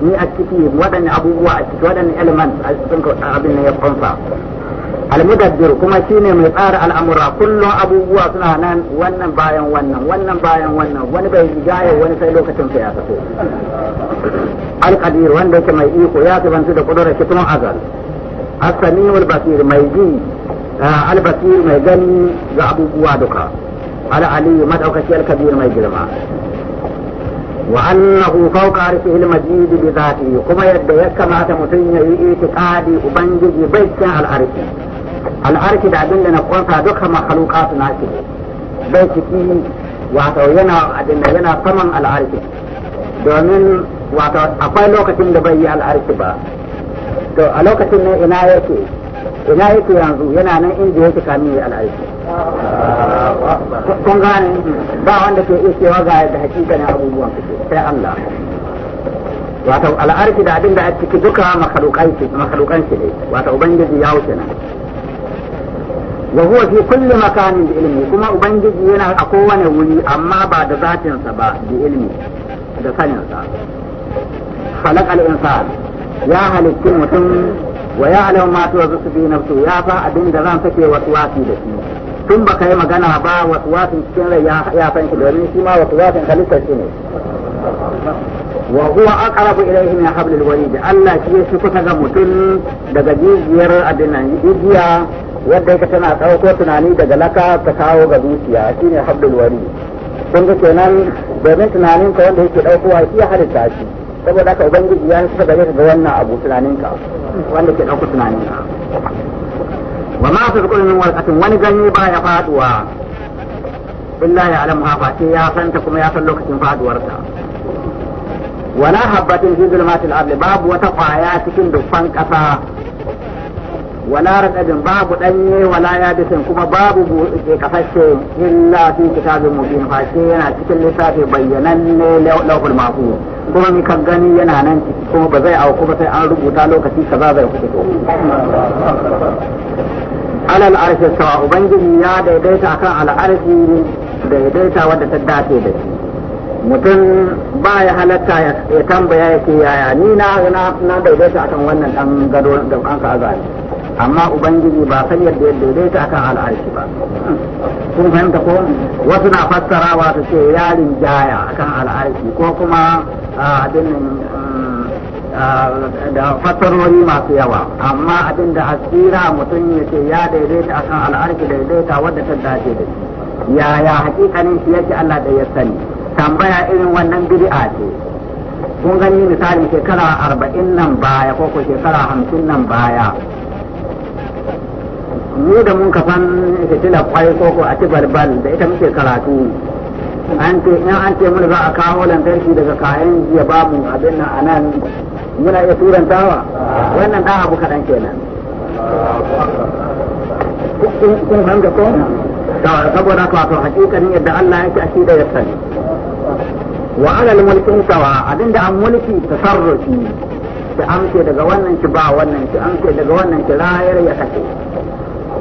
Speaker 4: ni a ciki waɗanne abubuwa a ciki waɗanne elements a cikin abin nan ya kunsa almudabbir kuma shine mai tsara al'amura kullum abubuwa suna nan wannan bayan wannan wannan bayan wannan wani bai gaya wani sai lokacin sa ya tafi wanda yake mai iko ya tabantu da kudurar shi tun azal basir mai ji albasir mai gani ga abubuwa duka al'aliyu madaukaki alkabir mai girma wa annahu fawqa arshihi al-majid bi dhatihi kuma yadda ya kamata mutum ya yi itiqadi ubangiji bai cikin al'arshi al'arshi da abin da na kwanta duka makhluqatu na shi bai ciki wato yana abin yana saman al'arshi domin wato akwai lokacin da bai yi al'arshi ba to a lokacin ne ina yake ina yake yanzu yana nan inda yake kami ya al'arshi kun gane ba wanda ke iya cewa ga da hakikanin abubuwan sai Allah wato al'arshi da abin da a ciki duka makhlukan shi ne wato ubangiji ya wuce nan wa huwa fi kulli makanin bi ilmi kuma ubangiji yana a kowane wuri amma ba da zatinsa ba bi ilmi da sa خلق الإنسان يا هل mutum. wa ya'lamu ma su fi na ya fa abin da zan sake waswasi da shi tun baka yi magana ba waswasin cikin rai ya san domin shi ma waswasin halittar shi ne wa huwa aqrabu ilayhi min hablil warid Allah shi ya kusa ga mutum daga jijiyar abin nan jijiya yadda yake tana ɗauko tunani daga laka ta kawo ga zuciya shine hablul warid kun ga kenan domin tunanin ka wanda yake ɗaukowa shi ya halitta shi saboda ka ubangiji ya shi gare ka ga wannan abu tunaninka wanda ke ɗauka tunaninka wa ma su zukuri min warkatin wani ganye ba ya faduwa illa ya alamu hafa ce ya ta kuma ya san lokacin faduwarta wala habbatin fi zulmatil ardi babu wata kwaya cikin dukkan ƙasa wala raqabin babu danye wala ya yabisin kuma babu buɗe kafashe illa fi kitabin mubin fashe yana cikin lissafi bayyananne lawful mafu kuma mi kan gani yana nan ciki kuma ba zai auku ba sai an rubuta lokaci kaza zai fito alal arshi sawa ubangiji ya daidaita akan al'arshi daidaita wadda ta dace da shi mutum ba ya halatta ya tambaya ya yaya ni na na daidaita akan wannan dan gado da an ka azali amma ubangiji ba san yadda ya daidaita akan al'arshi ba kun fahimta ko wasu na fassarawa su ce yarin jaya akan al'arshi ko kuma abin da fassarori masu yawa amma abin da asira mutum ya ce ya daidaita akan al'arshi daidaita wadda ta dace da shi yaya hakikanin shi yake Allah da ya sani tambaya irin wannan bid'a ce kun gani misalin shekara arba'in nan baya ko ko shekara hamsin nan baya mu da mun kafan fitila kwai ko a ci balbal da ita muke karatu an ce in an ce mun za a kawo lantarki daga kayan jiya babu abin nan anan muna iya turantawa wannan da abu kaɗan kenan kun fahimta ko saboda ka wato hakikanin yadda Allah yake a shi da yassan wa alal mulkin sawa abinda an mulki tasarrufi ki amce daga wannan ki ba wannan ki amce daga wannan ki rayar ya kace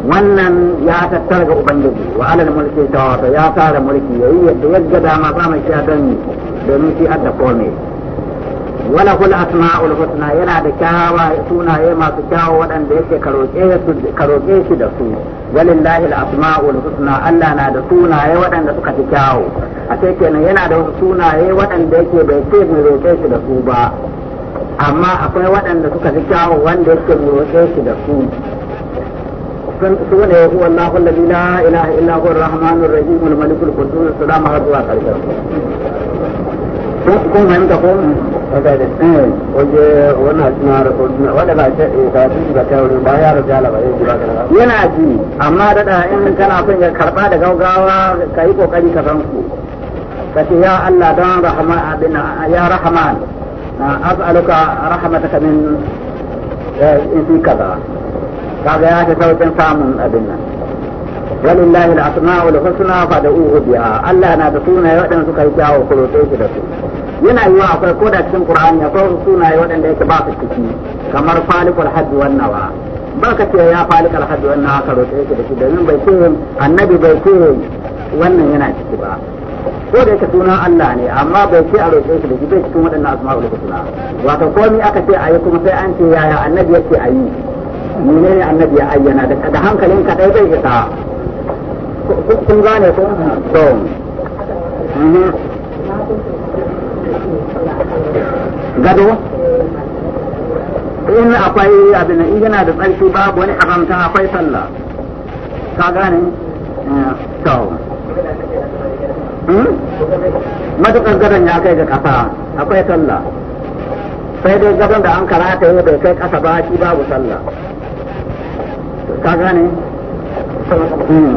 Speaker 4: wannan ya tattara ga ubangiji wa alal mulki tawata ya tara mulki yayi yadda yadda dama ba mai sha domin shi adda kome wala kul asma'ul husna yana da kyawa sunaye masu kyawu wadanda yake karoke su karoke shi da su walillahi al asma'ul husna Allah na da sunaye wadanda suka fi kyawu a sai kenan yana da wasu sunaye wadanda yake bai ce mu roke shi da su ba amma akwai wadanda suka fi kyawu wanda yake mu roke shi da su هو الله الذي لا اله الا هو الرحمن الرحيم الملك القدوس السلام على الله عليه kun fahimta ko waje wani hajjina na wanda ba ta yi ba ta wuri ba ya raja la ba zai ji ba yana ji amma dada in kana son ya karba da gaugawa ka yi kokari ka san ku ka ce ya Allah don rahama abin ya rahman az'aluka rahmataka min in fi kaza kaga ya ta sautin samun abin nan walillahi al-asma'ul husna fad'uhu biha Allah na da sunaye wadanda suka yi kyawu ku roƙe shi da su yana yiwa akwai ko da cikin Qur'ani akwai sunaye wadanda yake ba su ciki kamar falikul hajji wan nawa ba ka ce ya falikul hajji wan nawa ka roƙe shi da shi domin bai ce annabi bai ce wannan yana ciki ba ko da yake sunan Allah ne amma bai ce a roƙe shi da shi bai cikin waɗannan asma'ul husna wato komai aka ce ayi kuma sai an ce yaya annabi yake ayi ne annabi ya ayyana da hankalin ka dai bai isa kun gane ko to mhm. gado in akwai abin in yana da tsarki babu wani ta akwai sallah ka gane eh, to hmm? matukar gadon ya kai ga kasa akwai sallah sai dai gadon da an karata bai kai kasa ba shi babu sallah ka gane hmm.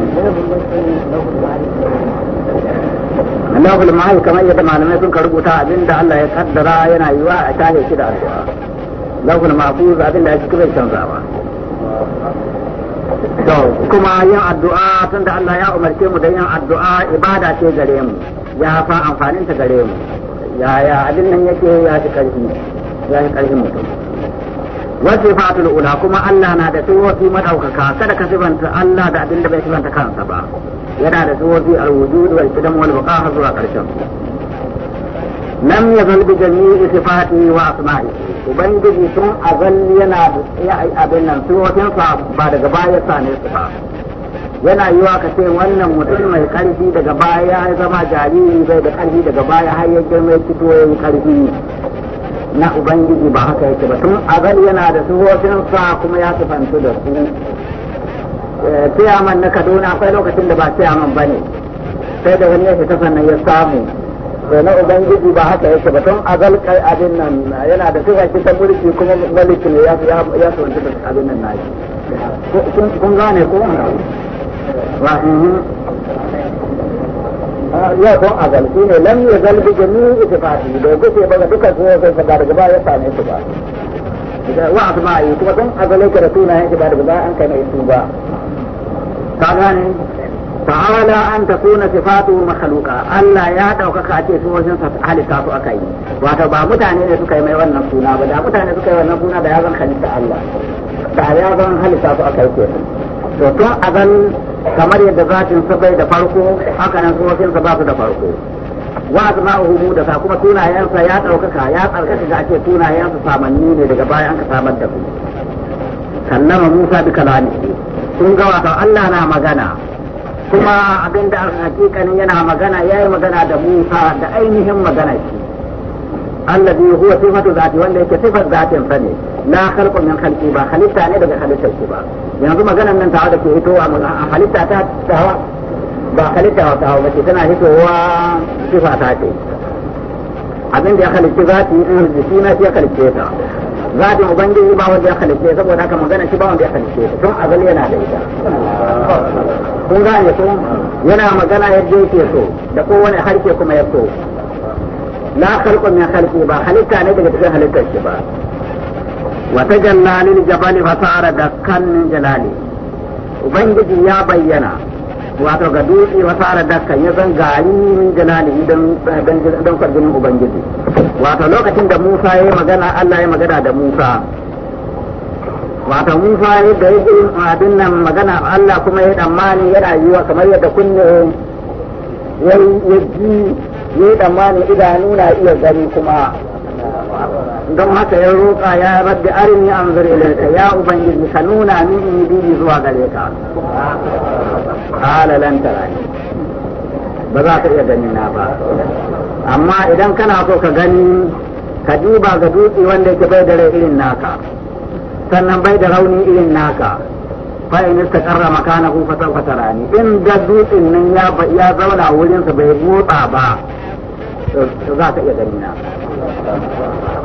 Speaker 4: Mahal kamar yadda malamai sun ka abinda Allah ya kaddara yana yiwa a tahe shi da addu'a. Lahul Mahfuz abinda ya cikin bai canzawa. To kuma yin addu'a tunda Allah ya umarce mu da yin addu'a ibada ce gare mu ya fa amfanin ta gare mu. Yaya abin nan yake ya ya fi karfi mutum. wasu fatul kuma Allah na da tsohofi madaukaka kada ka sifanta Allah da abin da bai sifanta kansa ba yana da tsohofi a rubutu da wani fidan wani bukahar zuwa ƙarshen nan ya zalbi jami'i isifati wa asma'i ubangiji tun a zalli yana da abin nan tsohofinsa ba daga baya sa ne su ba yana yi wa ka ce wannan mutum mai karfi daga baya ya zama jariri bai da karfi daga baya har ya girma ya fito ya yi karfi na ubangiji ba haka yake ba tun azal yana da suhofin sa kuma ya sifantu da su tiyaman eh, na kaduna akwai lokacin da ba tiyaman ba ne sai da wani yake ta ya samu eh, na ubangiji ba haka yake ba tun azal kai abin nan yana da suhofin ta mulki kuma mulki ne ya sifantu da abin nan nashi kun gane ko? Mhm. ya don azal shi ne lam ya zalbi jami'in itifati da gushe ba ga dukkan su sai ka daga ba ya same su ba wa asma'i kuma don azalai ka da sunayen shi ba daga ba an kai mai su ba ka gane تعالى أن تكون صفاته مخلوقة ألا يا دوكك أتي سوشن هل تاسو أكاي واتو ba mutane ne suka yi mai wannan suna ba da mutane suka yi wannan suna da ya zan halitta Allah da ya zan halitta su akai kenan to tun azal kamar yadda zatin sa bai da farko haka nan basu sa ba su da farko wa asma'uhu mu da sa kuma tunayensa ya ɗaukaka ya tsarkaka ga ake tunayensa samanni ne daga baya an ka samar da su kallama Musa bi kalamihi sun ga wato Allah na magana kuma abinda hakikanin yana magana yayi magana da Musa da ainihin magana shi alladhi huwa sifatu zati wanda yake sifar zatin sa ne la khalqu min khalqi ba halitta ne daga halittar shi ba yanzu maganan nan tawa da ke hitowa a halitta ta tawa ba halitta wa tawa bace tana hitowa sifa ta ce abin da ya halicci zati in jiki na ya halicce ta zatin ubangiji ba wanda ya halicce saboda haka magana shi ba wanda ya halicce ta tun azal yana ko yana magana yadda yake so da kowane harke kuma ya so la khalqa min khalqi ba halitta ne daga cikin halittar shi ba wa tajalla lil jabali fa sa'ara dakkan min jalali ubangiji ya bayyana wato ga dutse wa sa'ara dakkan ya zan gari min jalali idan dan fargin ubangiji wato lokacin da Musa ya magana Allah ya magana da Musa wato Musa ya da yake abin nan magana Allah kuma ya tsammani yana yiwa kamar yadda kunne ya yi. ni tsammanin idanu na iya gani kuma don haka ya roƙa ya rabbi arini an zure ya ubangiji ka nuna ni in zuwa gare ka ba za ka iya gani na ba amma idan kana so ka gani ka duba ga dutse wanda yake bai da irin naka sannan bai da rauni irin naka fa in istaqarra makanahu fa tsaukata rani. in da dutsen nan ya zauna wurinsa bai motsa ba za ta iya gani na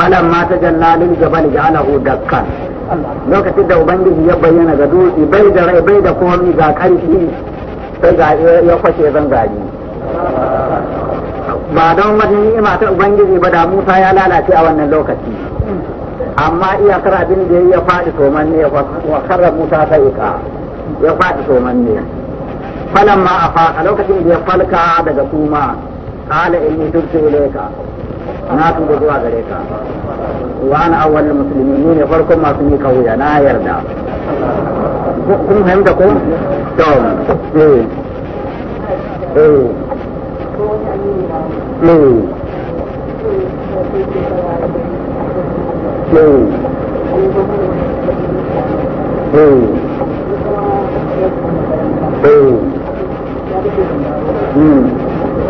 Speaker 4: falan ma ta janna lil jabal ja'alahu dakkan lokacin da ubangiji ya bayyana ga dutse bai da rai bai da komi ga karfi sai ga ya kwashe zangari ba don wani ni'ima ta ubangiji ba da musa ya lalace a wannan lokaci amma iya abin da ya faɗi toman ne wa karra musa ta ika ya faɗi toman ne falan ma a faɗa lokacin da ya falka daga kuma قال إني تبت إليك na tuba zuwa gare ka wa ana musulmi muslimin ni ne farkon masu yi na yarda kun fahimta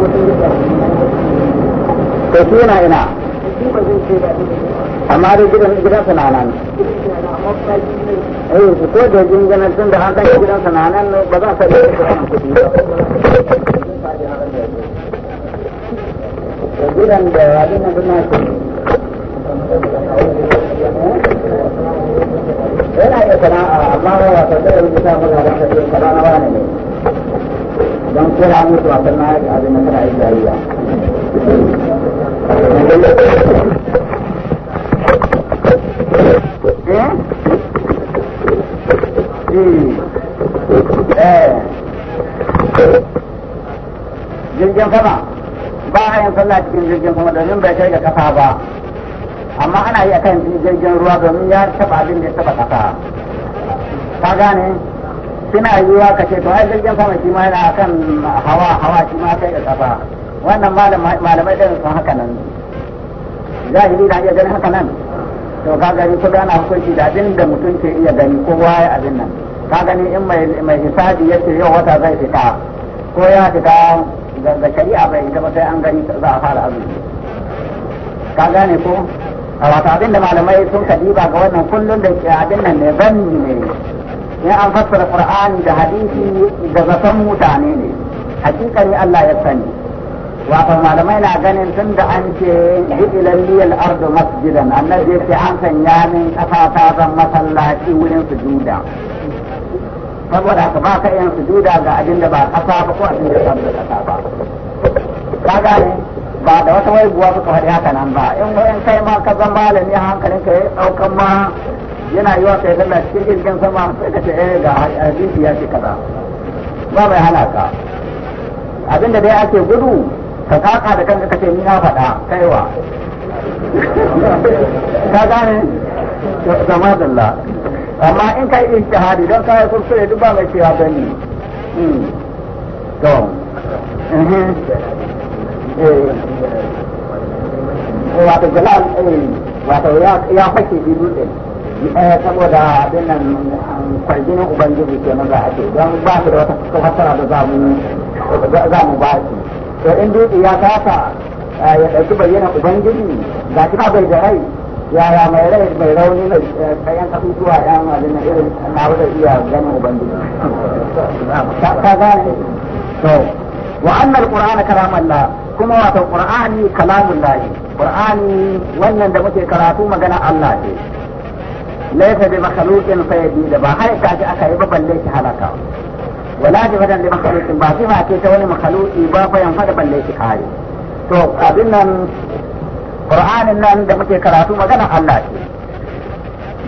Speaker 4: to shi yana ina amma dai gidan gidan sananan eh ko da jin ganin tun da an kai gidan sananan ba za ka iya ba gidan da nan na shi eh? yana sana'a amma ba ta da rubuta da sana'a ne جن کے رام میں تو اثر نہ آئے گا نظر آئی جائے گا جن کے سما باہ جن جن کے بیٹھے گا کتھا با اما انا يا كان في جن جن روا دو مين يار سبا دين دي سبا كتا فاغاني suna yiwuwa ka ce to ai jirgin sama shi ma yana kan hawa hawa shi ma kai da kafa wannan malamai ɗin sun haka nan zahiri na iya ganin haka nan to ka gani ko gana hukunci da abin da mutum ke iya gani ko waye abin nan ka gani in mai mai hisabi ya ce yau wata zai fita ko ya fita ga shari'a bai ita ba sai an gani za a fara azumi ka gane ko a wata abin da malamai sun kadiba ga wannan kullum da abin nan ne zanni ne in an fassara qur'ani da hadisi da zaton mutane ne hakikani Allah ya sani wato malamai na ganin tun da an ce jibilan liyal ardu masjidan annabi ce an sanya min kasa ta zan masallaci wurin sujuda saboda haka ba ka yin sujuda ga abin da ba kasa ba ko abin da ba kasa ba ka gane ba da wata waibuwa suka faɗi haka nan ba in kai ma ka zan malami hankalinka ya ɗaukan ma yana yi wa kai sallah cikin jirgin sama sai ka ce eh ga hadisi ya ce kaza ba mai hana ka abinda dai ake gudu ka kaka da kanka kace ni na faɗa kaiwa [laughs] ka gane zama dalla amma in kai ijtihadi don kai kuskure duk ba mai cewa bane hmm. to mhm. eh. wato jalal eh, wato ya fake bi dutse Eh, saboda abin nan kwarginin ubangiji ke nan za a ce don ba su da wata fassara da za mu ba shi to in dutse ya kasa eh, ya ɗauki bayyana ubangiji ga shi bai da rai yaya mai rai mai rauni mai eh, kayan kasusuwa yan abin nan irin na wuce iya ganin ubangiji ka gane to wa annal qur'ana kalamallah kuma wato qur'ani kalamullahi qur'ani wannan da muke karatu magana Allah ce laisa bi makhluqin sayadi da ba har ka aka yi ba balle shi halaka wala ji wadan da ba sifa ce ta wani makhluqi ba fa fada balle shi kare to abin nan ƙur'ani nan da muke karatu magana Allah ce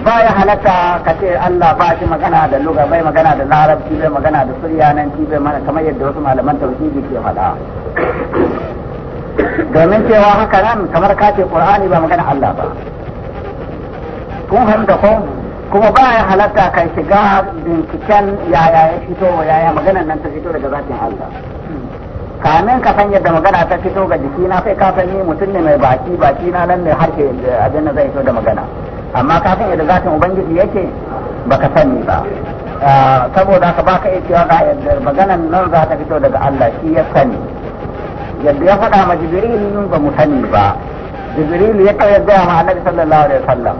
Speaker 4: ba ya halaka ka ce Allah ba shi magana da luga bai magana da larabci bai magana da suryananci bai mana kamar yadda wasu malaman tauhidi ke faɗa domin cewa haka nan kamar ka ce ba magana Allah ba kun fahimta ko kuma ba ya halatta kai shiga binciken yaya ya fito yaya maganar nan ta fito daga zafin Allah kamin ka san yadda magana ta fito ga na sai ka san ni mutum ne mai baki baki na nan ne harshe abin da zai fito da magana amma ka san yadda zatin ubangiji yake baka sani ba ah, saboda ka baka iya cewa ga yadda maganar nan za ta fito daga Allah shi ya sani yadda ya faɗa ma jibril ba mu sani ba jibril ya kawai ya gaya ma annabi sallallahu alaihi wasallam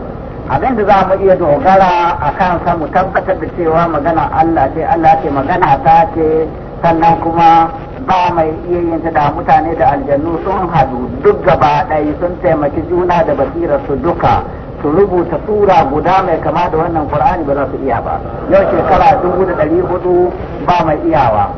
Speaker 4: abin da za mu iya dogara a kansa mu tabbatar da cewa magana Allah ce Allah ce magana ta ce sannan kuma ba mai iya yin ta da mutane da aljannu sun hadu duk gaba ɗaya sun taimaki juna da basirar su duka su rubuta sura guda mai kama da wannan qur'ani ba za su iya ba yau shekara dubu da ɗari hudu ba mai iyawa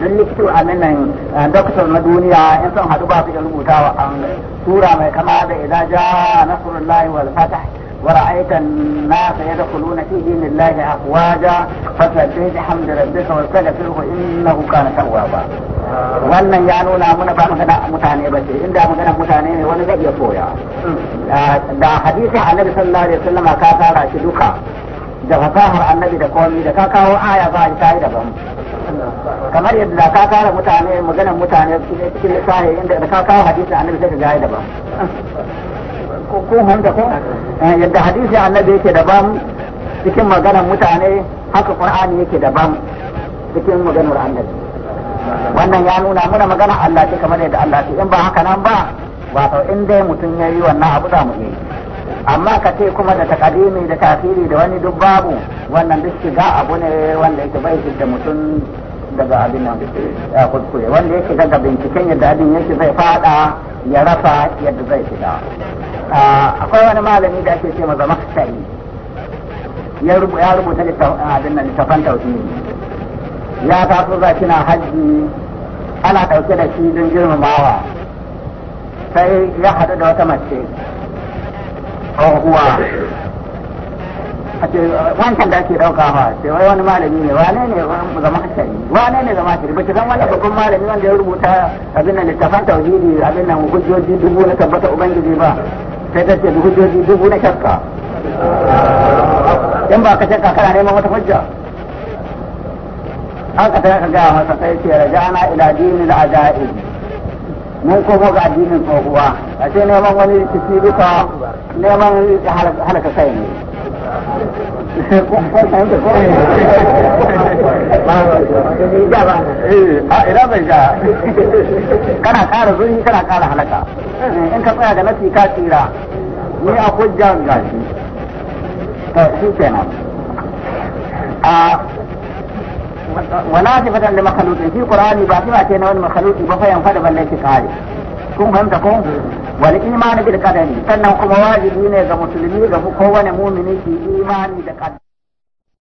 Speaker 4: don likito a nan doktor na duniya in son haɗu ba su da rubutawa an tura mai kama da idan ja nasrullahi wal fatah ورأيت الناس يدخلون في دين الله أفواجا فسبح بحمد ربك واستغفره إنه كان توابا wannan ya nuna mana ba magana mutane ba ce inda magana mutane ne wani zai iya koya da hadisi annabi sallallahu alaihi wasallam ka tara shi duka da fasahar annabi da komai da ka kawo aya ba ta yi daban kamar yadda ka kara mutane maganar mutane cikin lissafi inda da ka kawo hadisi annabi sai ka gaya daban kun hanta ko eh, yadda hadisi annabi yake da daban cikin maganar mutane haka qur'ani yake da daban cikin maganar annabi wannan ya nuna muna magana Allah ce kamar yadda Allah ce in ba haka nan ba wato in dai mutum ya yi wannan abu da mu yi amma ka ce kuma da takadimi da tafiri da wani duk babu wannan duk shiga abu ne wanda yake bai da mutum daga abin nan ya kuskure wanda yake daga binciken yadda abin yake zai fada ya rasa yadda zai shiga ah, akwai wani malami da ake ce maza makasari ya rubuta abin nan littafan tauhidi ya taso za kina hajji ana ɗauke da shi don girmamawa sai ya haɗu da wata mace uwa a ce uh, wancan da ake ɗauka fa ce wai wani malami ne wane ne zama shari wane ne zama shari bace san wani babban malami wanda ya rubuta abin nan littafan tauhidi abin nan hujjoji dubu na tabbata ubangiji ba sai ta ce hujjoji dubu na shakka in ba ka shakka kana neman wata hujja haka ta ka masa sai ce rajana ila dinin mun ko ga addinin tsohuwa a ce neman wani rikici duka neman halaka ne kana kara zuni kana kara halaka in ka tsaya ga nasi ka tsira ni a hujjan gashi to shi kenan wala sifatan da makhluqin fi qur'ani ba sifa ce na wani makhluqi ba fayan fada balle shi kare kun fahimta ko wal imani bil qadari sannan kuma wajibi ne ga musulmi ga kowane mu'mini ki
Speaker 3: imani da qadari